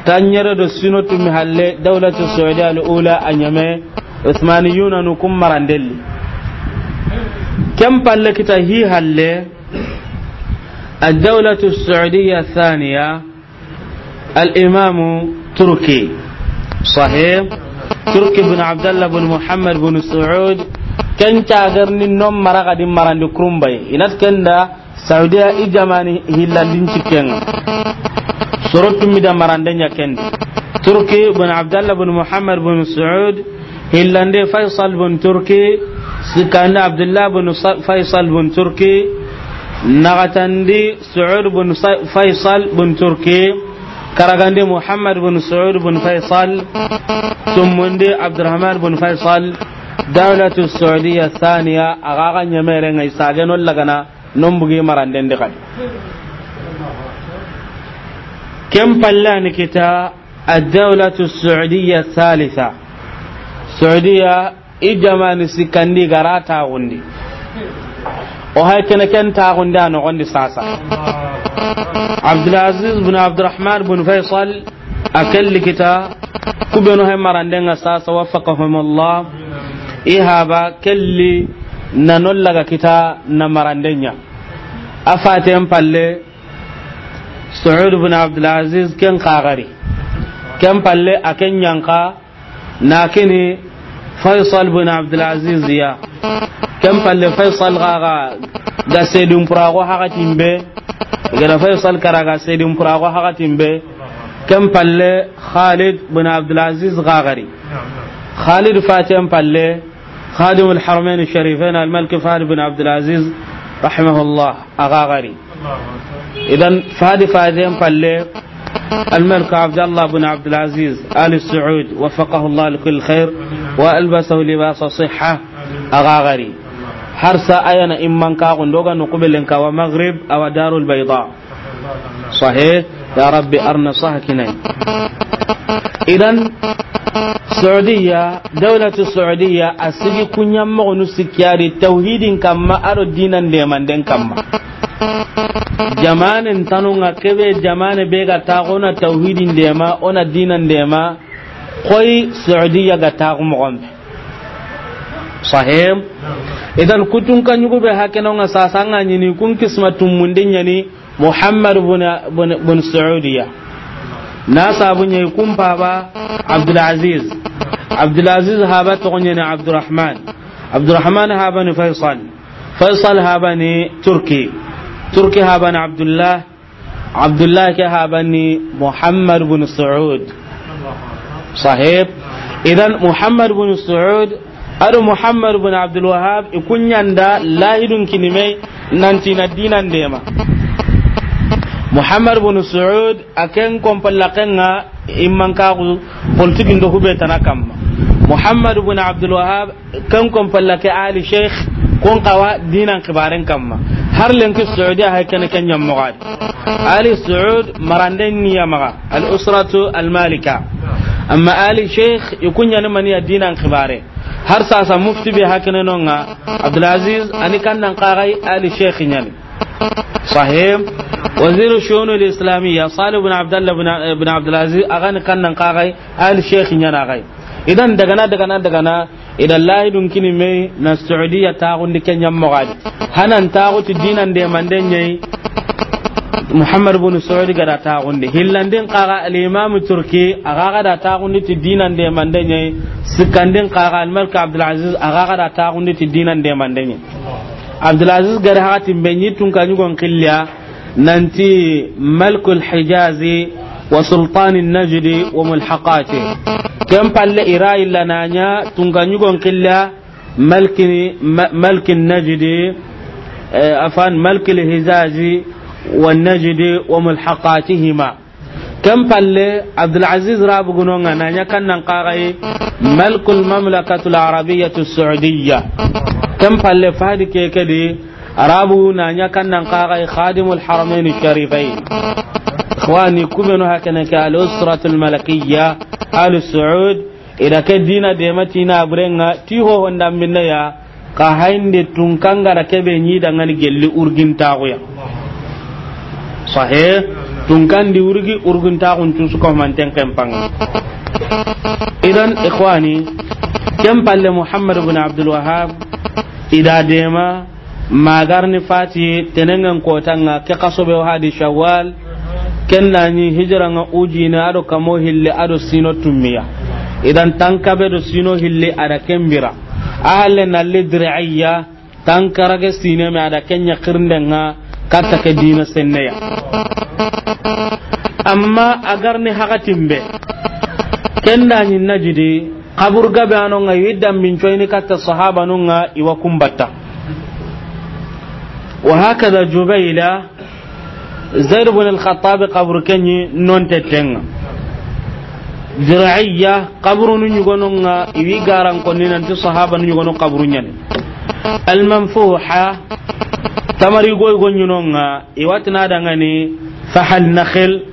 tanyere do sinotu mi halle dawlatu saudi al ula anyame usmaniyuna nukum marandelli كم بلكت هي هل الدولة السعودية الثانية الإمام تركي صحيح تركي بن عبد الله بن محمد بن سعود كان تاغرني نوم مرغا دي مران دي كرومباي إنات كان دا سعودية إجاماني هلا دينتكين سرط ميدا مران دي تركي بن عبد الله بن محمد بن سعود هلا دي فيصل بن تركي sikanda abdullah bin faisal bin turki nagatandi suud bin faisal bin turki karagandi muhammad bin suud bin faisal tumundi abdurrahman bin faisal dawlatu saudiya thaniya agaga nyamere ngai sageno lagana nombugi maranden de kad كم فلان كتا الدولة السعودية الثالثة السعودية i jamani sikandi gara taxundi o hay kene ken taxundi a noxondi sasa aziz bin rahman bin faisal akal ken likita kubenu hay nga sasa waffaqahum allah i haba kelli nanollaga kita na nya afate en palle suud bin aziz ken qagari ken palle aken ken na kini faisal bin abdulaziz ya kem palle faisal gaga ga sedin purago hakatin be gada faisal kara ga sedin purago hakatin be khalid bin abdulaziz gagari khalid fatem palle خادم الحرمين الشريفين الملك فهد بن عبد العزيز رحمه الله أغاغري إذا فهد فهدين فالله الملك عبد الله بن عبد العزيز آل سعود وفقه الله لكل خير وألبسه لباس صحة أغاغري حرس أين إمن كاغن دوغا نقبل ومغرب أو دار البيضاء صحيح يا ربي أرنا صح كنين إذن سعودية دولة السعودية أسيجي كن سكياري توهيد كما أرو دينا لمن دين كما jamanin tanunga kebe jamane be ga tauhidin de ma ona dinan ma koi saudiya ga taxu moxonɓe sahim idan kutun kan yugo be hakenonga sasanga ni kun kisma mundin ni muhammad bun saudiya na sabu nyai kun baba abdul aziz abdul aziz ba to nyani abdurrahman abdurrahman ba ni faisal faisal ba ni turki turki haban abdullah abdullah ke habani muhammad bin suud sahib idan muhammad bin suud ado muhammad bin abdul wahab ikunyanda lahidun kinimai nanti na dinan dema muhammad bin su'ud aken kompalakenga imman kagu politikin do hube tanakam muhammad bin abdul wahhab kan kon fallake ali sheikh kon kawa dinan kibarin kamma har lenki saudi hay kan kan nyam ali saud maranden niya maga al usratu al malika amma ali sheikh ikunya ne maniya dinan kibare har sasa mufti be hakene nonga abdul ani kan nan qarai ali sheikh nyani صحيح وزير الشؤون الإسلامية صالح بن عبد الله بن عبد العزيز أغاني كان نقاغي آل شيخ يناغي idan daga na daga na daga na idan lahi dun kini mai na saudiya ta gundi kenyan mogadi hanan ta guti dinan da manden yayi muhammad bin saudi gada ta gundi hillandin qara al-imam turki aga gada ta gundi ti dinan da manden yayi sikandin qara al-malik abdul aziz aga gada ta gundi ti dinan da manden yayi abdul aziz gari hati benyi tun kanyu gon qilya nanti malikul hijazi wa sultanin najdi wa mulhaqati kem palle ira illa nanya tunganyugon qilla malkin malkin najdi eh, afan malkil hizazi wa najdi wa mulhaqatihima كم بالله عبد العزيز راب جنون أنا يكن نقاري ملك المملكة العربية السعودية كم بالله فهد كي راب نانيا كان نقاري خادم الحرمين الشريفين ikhwani kubenu hakana ka al usratul malakiyya al ida ke dina de matina burenga ti ho honda minna ya ka hainde tun kangara kebe nyi da ngani gelli urgin taguya sahih tun kan di urgi urgin tagun tun suka manten kempang idan ikhwani kem palle muhammad ibn abdul idaa ida dema magarni fati tenengan kotanga ke kasobe hadi shawwal kenna ni hijira nga uji na ado kamo hille ado sino tummiya idan tanka be do sino hille ada kembira le nalle tanka rage sino me ada kenya kirndenga katta ke dina senneya amma agar ni hakatimbe kenna ni najidi kabur gabe anonga yiddam min coyni katta sahaba nonga iwa kumbatta wa hakada jubaila zaid ibn al-khattab qabru kenyi non tetenga ziraiya qabru nu nyugono nga iwi garan konni nan to sahaba nu nyugono qabru nyen al-manfuha tamari goy gonyuno nga iwatina daga ni fahal nakhil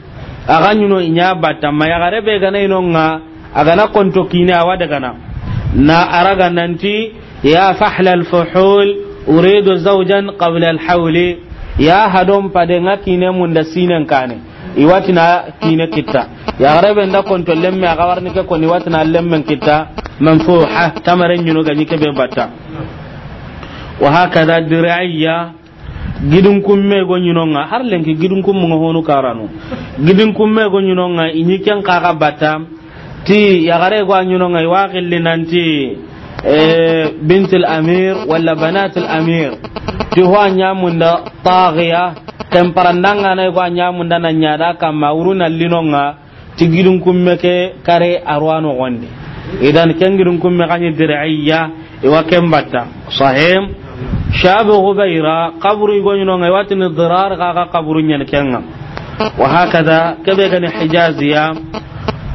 aga nyuno inya bata maya gare be gana ino nga aga na konto kini awa daga na na araga nanti ya fahla al-fuhul uridu zawjan qabla al ya hadon pade nga kine da sinen kane iwatina kine kitta ya garebe nda konto lemme aga warni ke koni watina lemme kitta manfuha tamare nyuno nike kebe batta wa hakada dir'iyya gidin kumme go nyinonga har lenki gidin kumme ngo honu karanu gidin kumme go nyinonga inyi kan kaga batta ti ya gare go nyinonga wa qillinanti بنت الامير ولا بنات الامير دي هو نيامون طاغية تمبرندان انا يقوا نيامون دنا نيادا كما ورونا لينونغا تجيلون كم كاري اروانو غوندي اذا إذا كنجيلون كم درعيا درعية وكم باتا صحيح شاب غبيرة قبر يقول نونغا واتن الضرار غا قبر نيانكينا وهكذا كبيرة حجازيا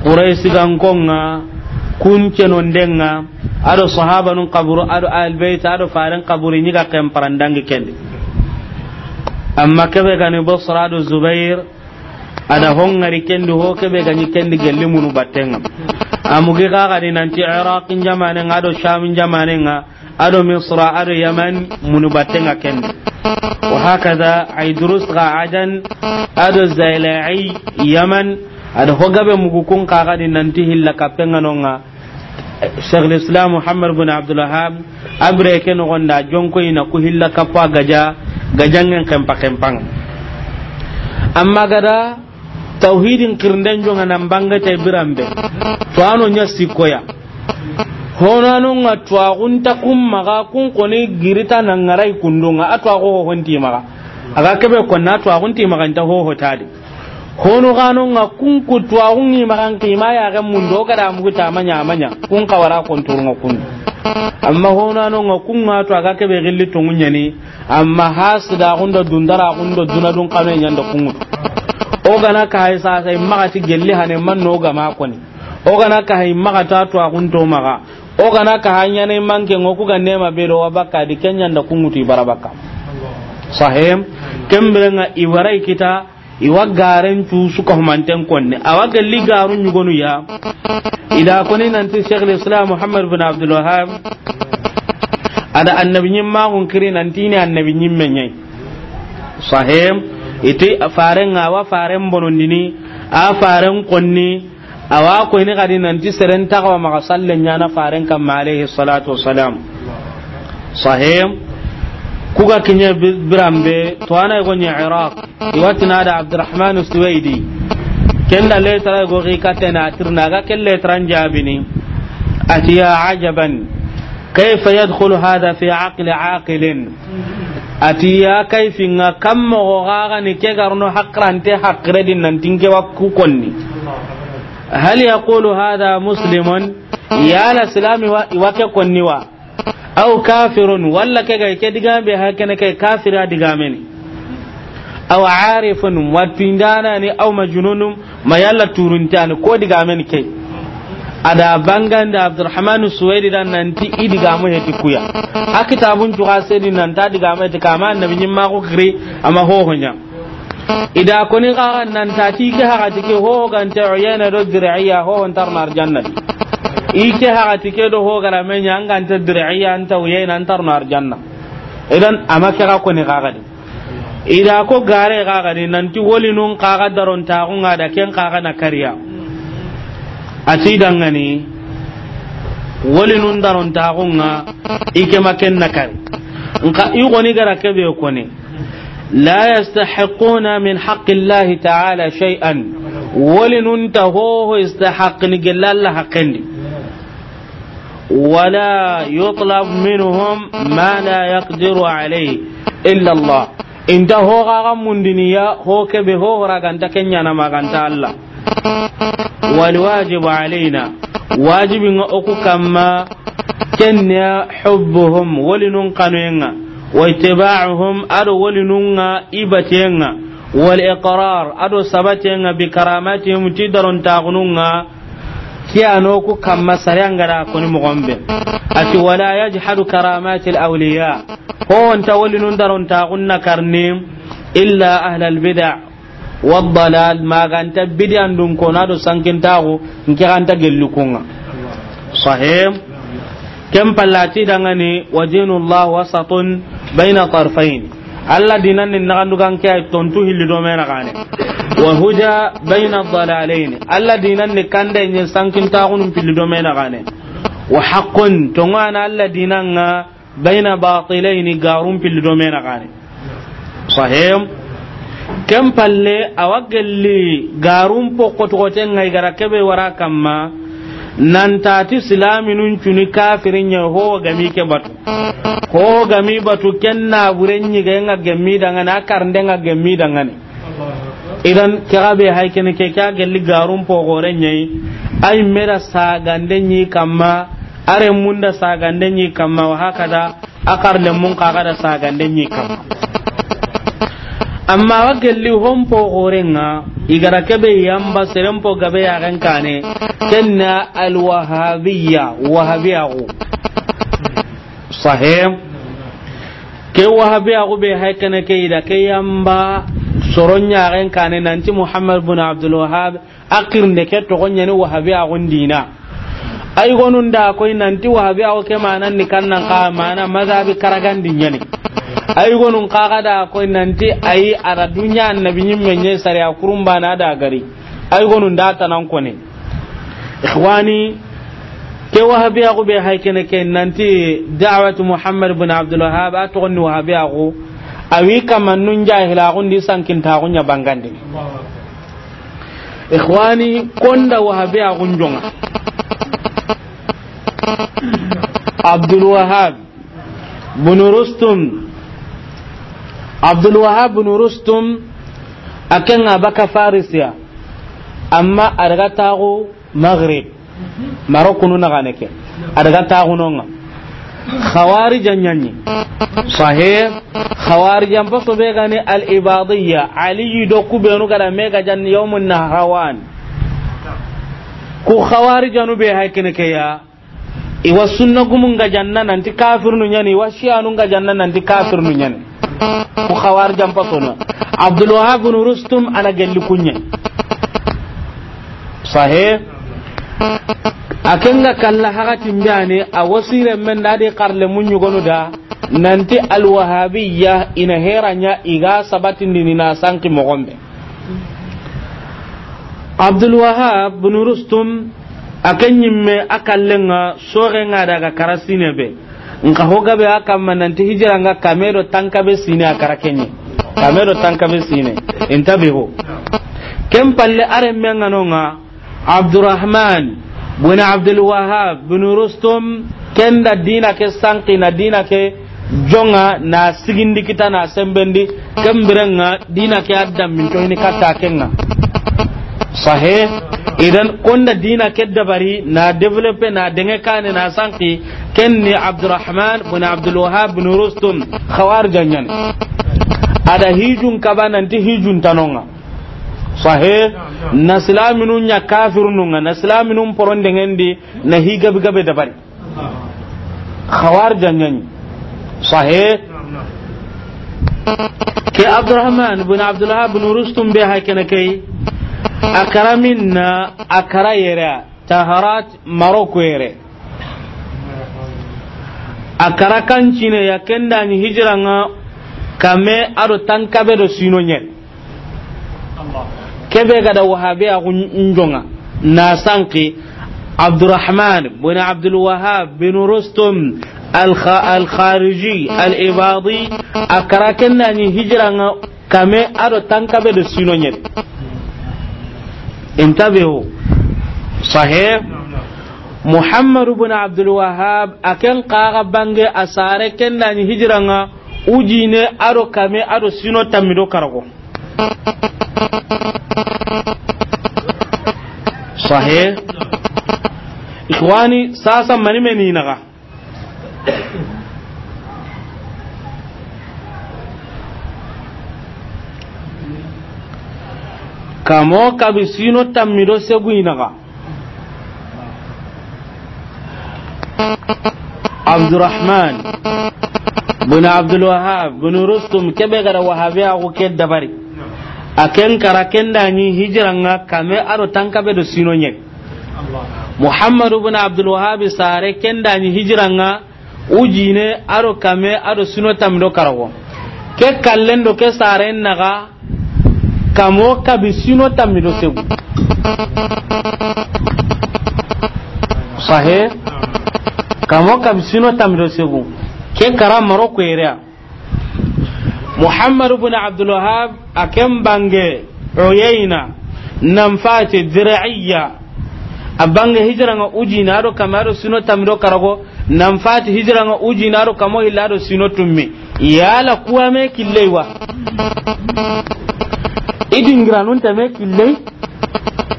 قريش غانكونا kunce non denga ado sahaba nun kaburu bait ado faran qabru kaburi ga kam parandang kendi amma be gani basra ado zubair ada hongari kendi ho be gani kendi gelle munu battenga amugi kakadi nanti iraqi jamanenga aɗo jamane nga ado misra ado yaman munu batenga kendi wa hakada aidrus ga ajan ado zailai yaman ada hogabe mugukun kun kakadi nanti hilla kappenga nonga شيخ الاسلام محمد بن عبد الوهاب ابري كن جونكو ina ku hilla gaja gajangen kempa kempang amma gada tauhidin kirnden jonga nan banga tay birambe to ano nya sikoya no ta kum maga kun koni girita nan ngarai kundunga atwa aga kebe na maga ho honu gano ga kun kutwa kun ni makan kima ya ga mun do kada mu ta manya manya kun kawara kun turun nga kun amma honu anon ga kun ga to aga kebe gilli to munya ni amma hasda kun da dundara kun da duna dun kanu nyan da kun o gana ka hay sa sai ma ti gelli hane man no ga ma kun o gana ka hay maga ta to kun to ga o gana ka hanya ne ke ngoku ga ma be do wa bakka di kenyan da kun mutu barabaka sahem kembe nga iwarai kita iwa garen tu suka humanten a awa galli garun gonu ya ida koni nanti shaykh islam muhammad bin abdul wahhab ada annabiyin ma hun kire nanti ne annabiyin menye sahem ite faren awa faren dini a faren konni awa ko ni gadi nanti seren taqwa ma sallan yana faren ma alaihi salatu wassalam sahem kuga kinye birambe to ana go nya iraq iwatina da abdurrahman suwaidi kenda le tara go ri katena tirna ga kelle tran jabini atiya ajaban kayfa yadkhulu hadha fi aqli aqilin atiya kayfin kam go gaga ni ke garno hakrante hakre din nan tinge wakku konni hal yaqulu hadha muslimun ya la islami wa ke konniwa aw kafirun walla ke ga ke digambe ha kene ke kafira ni aw arifun watindana ni aw majnunum mayalla turuntani ko ni ke ada banganda abdurrahman suwaidi dan nanti idigamu he tikuya ha kitabun tuga sedi nan ta digamu ti kama annabi nyimma ko kire ama ho honya ida koni qaran nan ta ti ke ti ke ho ta yana do dir'iya ho on tar nar ke ha ti ke do ho gara yan an ta dir'iya an ta yana an tar nar janna idan amaka ka koni qaran ida ko gare qaran nan ti woli nun kaga daron ta kunga ngada ken qaran na kariya asidan ngani woli nun daron ta kunga ike maken na kari nka i woni gara ko ne لا يستحقون من حق الله تعالى شيئا ولننتهوه استحق نقل الله حقني ولا يطلب منهم ما لا يقدر عليه إلا الله inta hoxaxa mundiniya ho keɓe hohoraganta ke ñanamaganta allah walwajibu alayna wajibinga oku kamma kennea xubuhum wolinun kanoyenga waye taba a cikin hom a do walin nuna bi karama teyengu ti darun ta kununna ki an ho ku kanma kuni muqombe a wala a ya ji hadu karama teyengu awaliya. kowanne ta karne illa ahlal bida wadda la maganta bida an dunko na do sankita ku ki hanta gilin kuna. fahim kempa latsi dangane wajen allah baina tarfain alla dinan nin nagandu kan ke tontu hilli wa baina dalalain alla dinan ni kande nyen sankin ta pilli wa haqqun alla baina batilain garum pilli do mena sahim kem palle garum pokko to goten ngai gara kebe nantati silaminun cuni kafirin ya ho gami ke batu ho gami batu kenna buren ni ga yanga gami dangan akar ndenga gami dangan idan kirabe haike ne ke kya gelli garun pogore nyai ai mera saga ndenyi kama are munda saga ndenyi kama wa hakada akar le mun kaga da saga ndenyi kama amma wa gelli hompo horenga igara kebe yamba serempo gabe ya gankane kenna alwahabiyya wahabiya go sahih ke wahabiya go be haykana ke ida ke yamba soronya gankane nanti muhammad bin abdul wahhab akir ke to gonya ne wahabiya go dina ay gonun da koy nanti wahabiya ke manan ni kannan mazaa bi mazhabi karagandi nyane ay gonun kaga da ko nanti ay ara dunya annabi nyim menye sare akurum bana da gari ay gonun da tanan ko ne ikhwani ke wahabiya go be haykene ke nanti da'watu muhammad ibn abdul wahhab atqon wahabiya go awi kaman nun jahila gun di sankin ta ya bangande ikhwani konda wahabi gun jonga abdul wahhab bunu rustum abdulwahab bin rustum akan a baka farisiya amma a daga tago maghrib marokunu na ganake a daga tago nonga khawarijan yanyi sahih khawarijan ba su bai gani al'ibadiyya Ali da ku benu gada mega jan yawmun na hawan ku khawarijanu bai haikini ke ya iwa sunna gumun ga janna nan ti kafirnu nyani iwa shiyanu ga janna nan ti kafirnu nyani ku khawarjan sono abdul wahab ibn rustum ana gelli kunye sahe akenga kalla haga mbane a wasire men da karle munyu gonu da nanti al wahabiyya ina heranya iga sabatin dinina sanki mogombe abdul wahab ibn rustum akanyimme akallenga sorenga daga karasine be nka hogabe a nan nanti hijira nga tanka be sine a kara kenye kamedo tankabe sine intabihu ken palle are men nga abdurrahman bin abdulwahab bin rustum kenda dina ke sanki na dina ke jonga na sigindi kita na sembendi kembirenga dina ke addam min cohini katta kenga sahe idan kunna dina kedda bari na develop na denge kane na sanki kenni abdurrahman bin abdul wahab bin rustum khawar ganyan ada hijun kabana nanti hijun tanonga sahe na silaminun ya kafirun na silaminun poron dengendi na higa gabe da bari khawar ganyan sahe ke abdurrahman bin abdul wahhab bin rustum be hakana kai akara min na akara yɛrɛ taharat marok yɛrɛ akara kan cine ya kenda ni hijira nga kame ado tankabe do sino nye kebe gada wahabe aku njonga na sanki abdurrahman bin abdul wahab bin rustum al-khariji al-ibadi akara kenda ni hijira nga kame ado tankabe do sino nye انتبهوا صحيح محمد بن عبد الوهاب أكن قاغ بانجي أساري كنا هجرنا ujine ado kame aro sino tammido karago sahih ikhwani sasa mani meninaga kamo kabi sino tammido seguinaga abdurahman bin abdulwahab bun rustum kebe gara wahabe aku ke dabari aken kara kendani hijiranga kame aro tankabe do sino nye muhammadu bin abdulwahab sare kendani hijiranga ujine aro kame aro sino tammido karawo ke kallendo ke saren naga kamo kabi sino tammido segu sahe kamo kabi sino tammido segu ke kara maro kwerea muhammad ibn abdul wahab akem bange uyayna nan fati dir'iyya abange hijra nga na ado kamaro sino tamido karago nan fati hijira nga uji naro kamo illa do sino tumme yala kuwa me killei wa idin granun ta me killei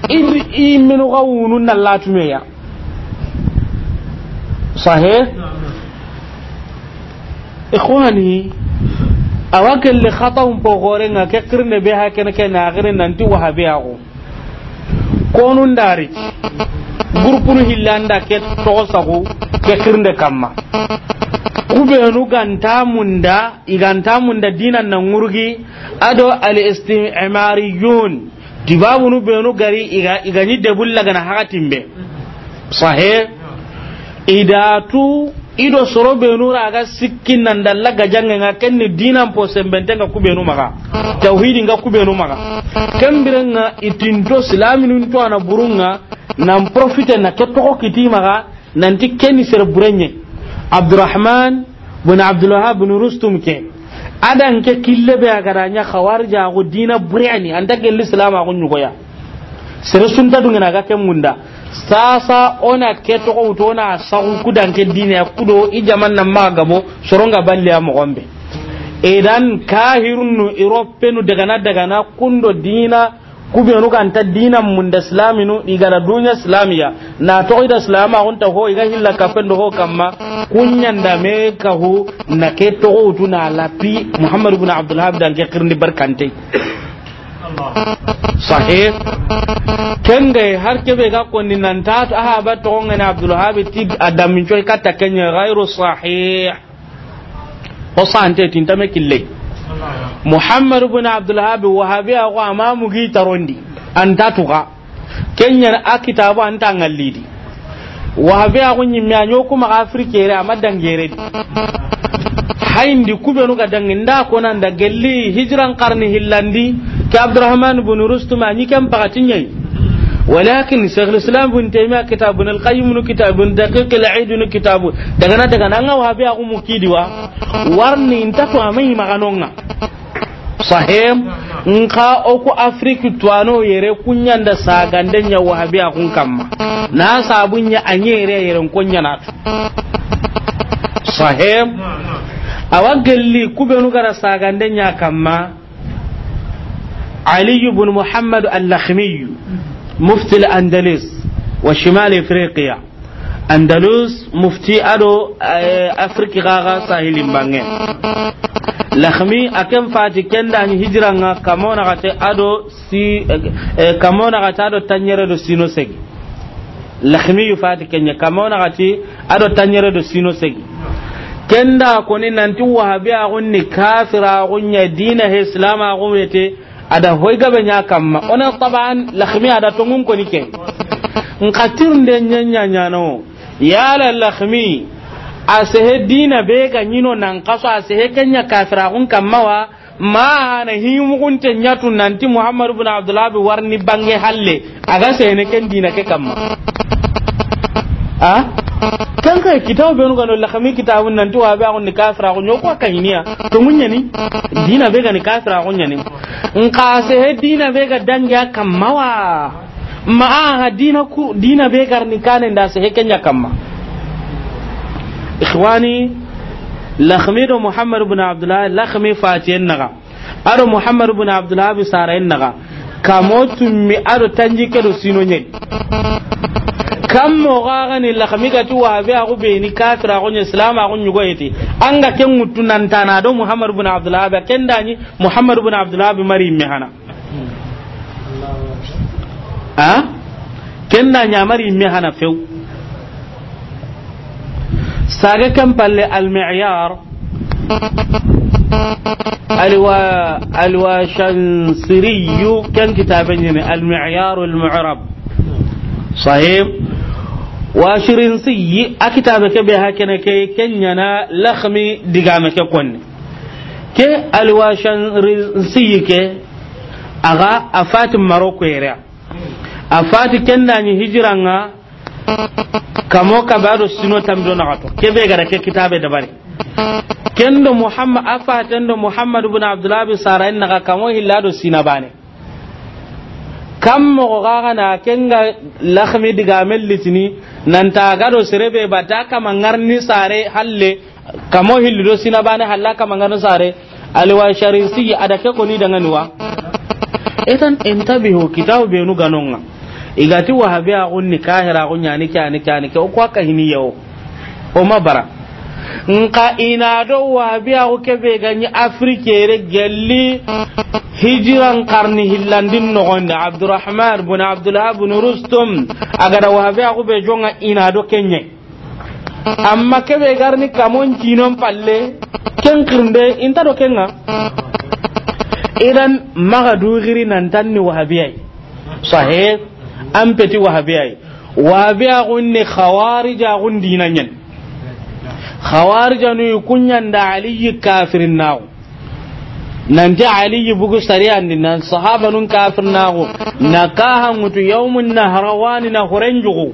ir i ga wunun na latume ya sahe ikhwani pogore nga be ke na agirin nanti wahabe konun dari gurpunu hillanda ke togosagu ke kirnde kamma kubenu ganta munda iganta munda dinan na ngurgi ado al istimariyun dibabunu benu gari iga iganyi debulla gana hakatimbe sahe idatu ido soro benu raga sikkin nan dalla ga jange nga kenni dinan po sembente nga kubenu maka tauhid nga kubenu maka kembirenga itindo islamin to ana burunga nan profite na ketoko kiti maka nanti kenni ser burenye abdurrahman bin abdulwahab bin rustum ke adan ke kille be agara nya khawarja go dina burani anda gelli islam agun nyugoya sere sunta dungena ga kem munda sasa ona ke na sa ona dan ke dine ya kudo i jaman nan ma gabo soronga balliya mogonɓe idan kahirunnu iropenu dagana dagana kundo dina kubenu ta dina munda diga igara dunya islamiya na to ida silama ta ho iga hilla pendo ho kamma kunyanda me ho na ke ko to na lapi muhammadu bnu abdulhabid ke kirni barkante sahih kende har kebe ga konni nan ta ta ha ba to ti adam min coy kata kenya ghairu sahih o sante tin ta mekille muhammad ibn abdul habib wahabi ko amamu gi tarondi an ta tuka kenya akitabu an ta ngallidi wa wahabe a kun yimme a nyoku ma afrike re amma hain di kube nuka ko nan da gelli hijiran karni hillandi ta abdurrahman ibn rustum anyi kan pakatin yayi walakin shaykhul islam ibn taymiya kitabun al qayyim nu kitabun daqiq al aid nu kitabu daga na daga nan wahabe a kun mukidi wa warni inta to amai maganonga sahem nka oku afriki tuano yere kunyan da saganden ya wahabi a kun kamma na sabun ya anye yere yere kunya na sahem awa gelli kubenu gara saganden ya kamma علي بن محمد اللخمي andalus wa shimali إفريقيا andalus mufti ado eh, afriki gaga sahilin bange lakhmi akem fati kenda ni hijra nga kamona gate ado si eh, eh, kamona gate ado tanyere do sino segi lakhmi yu fati kenya kamona gate ado tanyere do sino segi kenda koni nanti wahabi agunni kafira agunya dina islam islama ada hoyga be nya kamma ona taban lakhmi ada tungun koni ke nkatir de nyanya nyano yala lakhmi asehe dina be ga nyino nan kaso asehe kenya kafira hun kamawa ma na himugun te nyatu nanti muhammad ibn abdullah bi warni bange halle aga ne ken dina ke kamma a kan kai kitabu be ngano lakhmi kitabun nanti wa ba ni kafira hun yo kwa kainiya to munya ni dina be ga ni kafira hun nyani in ka asehe dina be ga dangiya kamawa ma aha dina ku dina be ni kane nda se hekenya kamma ikhwani lakhmi muhammad ibn abdullah lakhmi fatin naga aro muhammad ibn abdullah bi sarayen naga kamotu mi aro tanji ke do sino nyen kam mo gani lakhmi tu wa be ago be ni kafira ago ni islam ago ni go yiti anga ken mutunan tanado muhammad ibn abdullah ba kendani muhammad ibn abdullah bi mari mehana a kenda nyamari me hana few sage kan palle al mi'yar alwa alwa kan ne al mi'yar al mu'rab wa shirin siyi a kitabe ke hake na ke kenya na lakhmi diga make kwanne ke alwashan siyi ke aga a fatin maroko a fati kendañi hijiranga kamo kabaɗo sino tamido nagato keɓe gara ke kitabe dabari kendo muhammad a fatendo muhammadu bne abdulahbi sara en naga kamo hillaɗo sina bane kam mogo gagana kenga lahmi diga mellitini nanta gaɗo serebe bata kama garni sare halle kamo hilliɗo sina bane halla kama garni sare aliwa shari sigi aɗa ke koni dangani wa etan entabiho kitabu benu ganonga igati wahabi a gunni kahira gunya ni kyani kyani ke ko aka o. yau o mabara nka ina do wahabi a ke be ganyi afrike re gelli hijiran karni hillandin nogonde abdurrahman bin bin rustum agada wahabi a be jonga ina do kenye amma kebe garni kamon cinon palle ken kirnde inta do kenga idan maga dugiri nan tanni wahabiyai sahih an peti wahabiyai wahabiya gunne khawarija gun yan khawarija nu kunyan da aliyi kafirin nawo ta Aliyu bugu sariya din nan sahaba nun kafir nawo na kahan mutu yawmun nahrawani na hurenjugo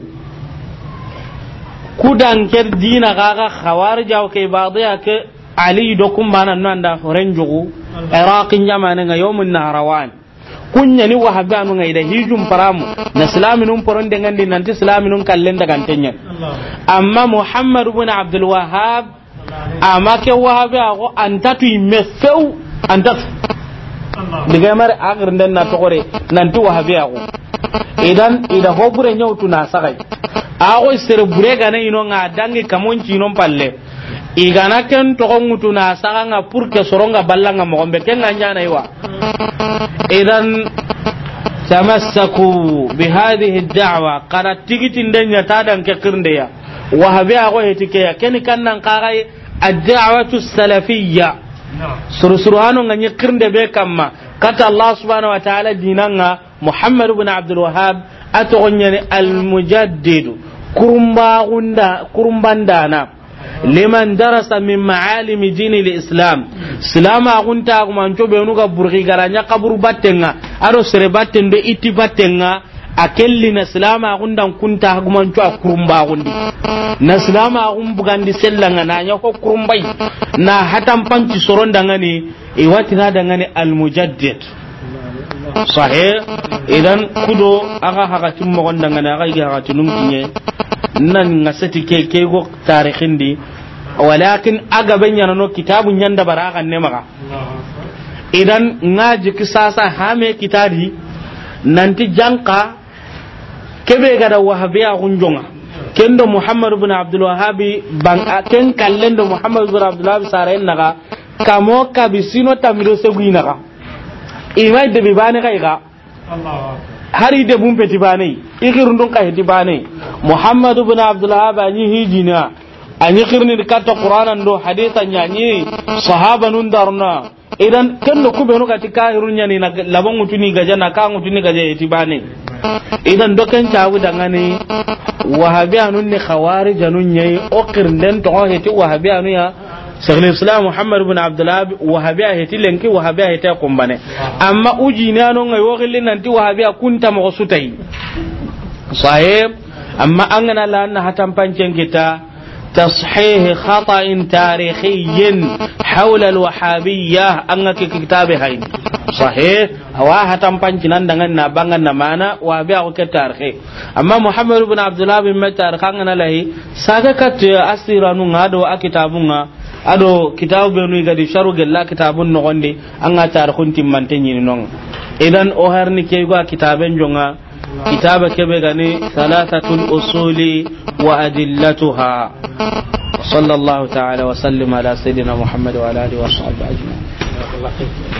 kudan ker dina gaga khawarija ke badiya ke aliyi dokum bana nan da hurenjugo iraqin jama'an ga yawmun nahrawani kunya ni wa haganu ngai da hijum paramu na silaminun poron de ngandi nanti silaminun kallen daga tenya amma muhammad ibn abdul wahhab amma ke wahhab ago antatu imefeu antatu diga mare agir den na tokore nanti wahhab ago idan ida hobure nyautu na sagai ago sere bure gane ino nga dangi kamonci ino palle igana ken toxongutuna saxanga pour que soronga ken nga nyana iwa idan tamassaku ad dawa kara tigitinde ñata danke kirndeya wahabe ago hetike ya ken kan nan kaxay salafiyya salafiya hanu nga ñi be kamma kata allah subhanahu wa taala dinanga muhammadu bne abdulwahab a al-mujaddid almujaddidu gunda kurumbandana liman darasa min ma'alimi dini islam silama gunta gumanco benu ga burgi garanya kabur battenga aro sere batten do itti battenga a na silama gundan kunta gumanco a gundi na silama gun bugandi sellanga na nya ko kurumbai na hatan panci soron dangane e watina dangane al mujaddid sahih idan kudo aga hakatin mogon dangane aga igi hakatinun kinye nan nga seti ke ke go tarihin di walakin aga benya no kitabun yanda baraka ne maka idan nga jiki sasa hame kitari nanti janka kebe ga da wahabiya gunjonga kendo muhammad ibn abdul wahabi bang ken kallen do muhammad ibn abdul wahabi sarayen naga kamo kabisino tamiro seguinaga ima debi bane kai ga hari de bun peti bane ikirun dun kai di bane muhammadu ibn abdullah bani hijina yi kirni kata qur'anan do haditha nyanyi sahaba nun darna idan kan da kube nuka ti kahirun nyani na laban mutuni gaje na ka mutuni gaje yati bane idan dokan tawu daga ne wahabiyanun ne khawarijanun yayi okirnden to heti wahabiyanun ya sagni islam muhammad ibn abdullah wahabiya heti lenki wahabiya heta kumbane amma uji nano ngai wogilli nanti wahabiya kunta mo sutai amma an gana la na hatan تصحيح خطأ تاريخي حول الوهابية أنك كتاب هين صحيح أواها تنبان جنان دنغن نابان نمانا وابيع كتاريخي أما محمد بن عبد الله بن متاريخ أننا له ساكا كت أسيرانونا دو أكتابونا ado kitabu be nu gadi sharu gella kitabun no gonde an ga tar kun timmante nyini non idan o harni ke go kitaben jonga kitaba ke be gani salatatul usuli wa adillatuha sallallahu ta'ala wa sallim ala sayyidina muhammad wa ala alihi wa sahbihi ajma'in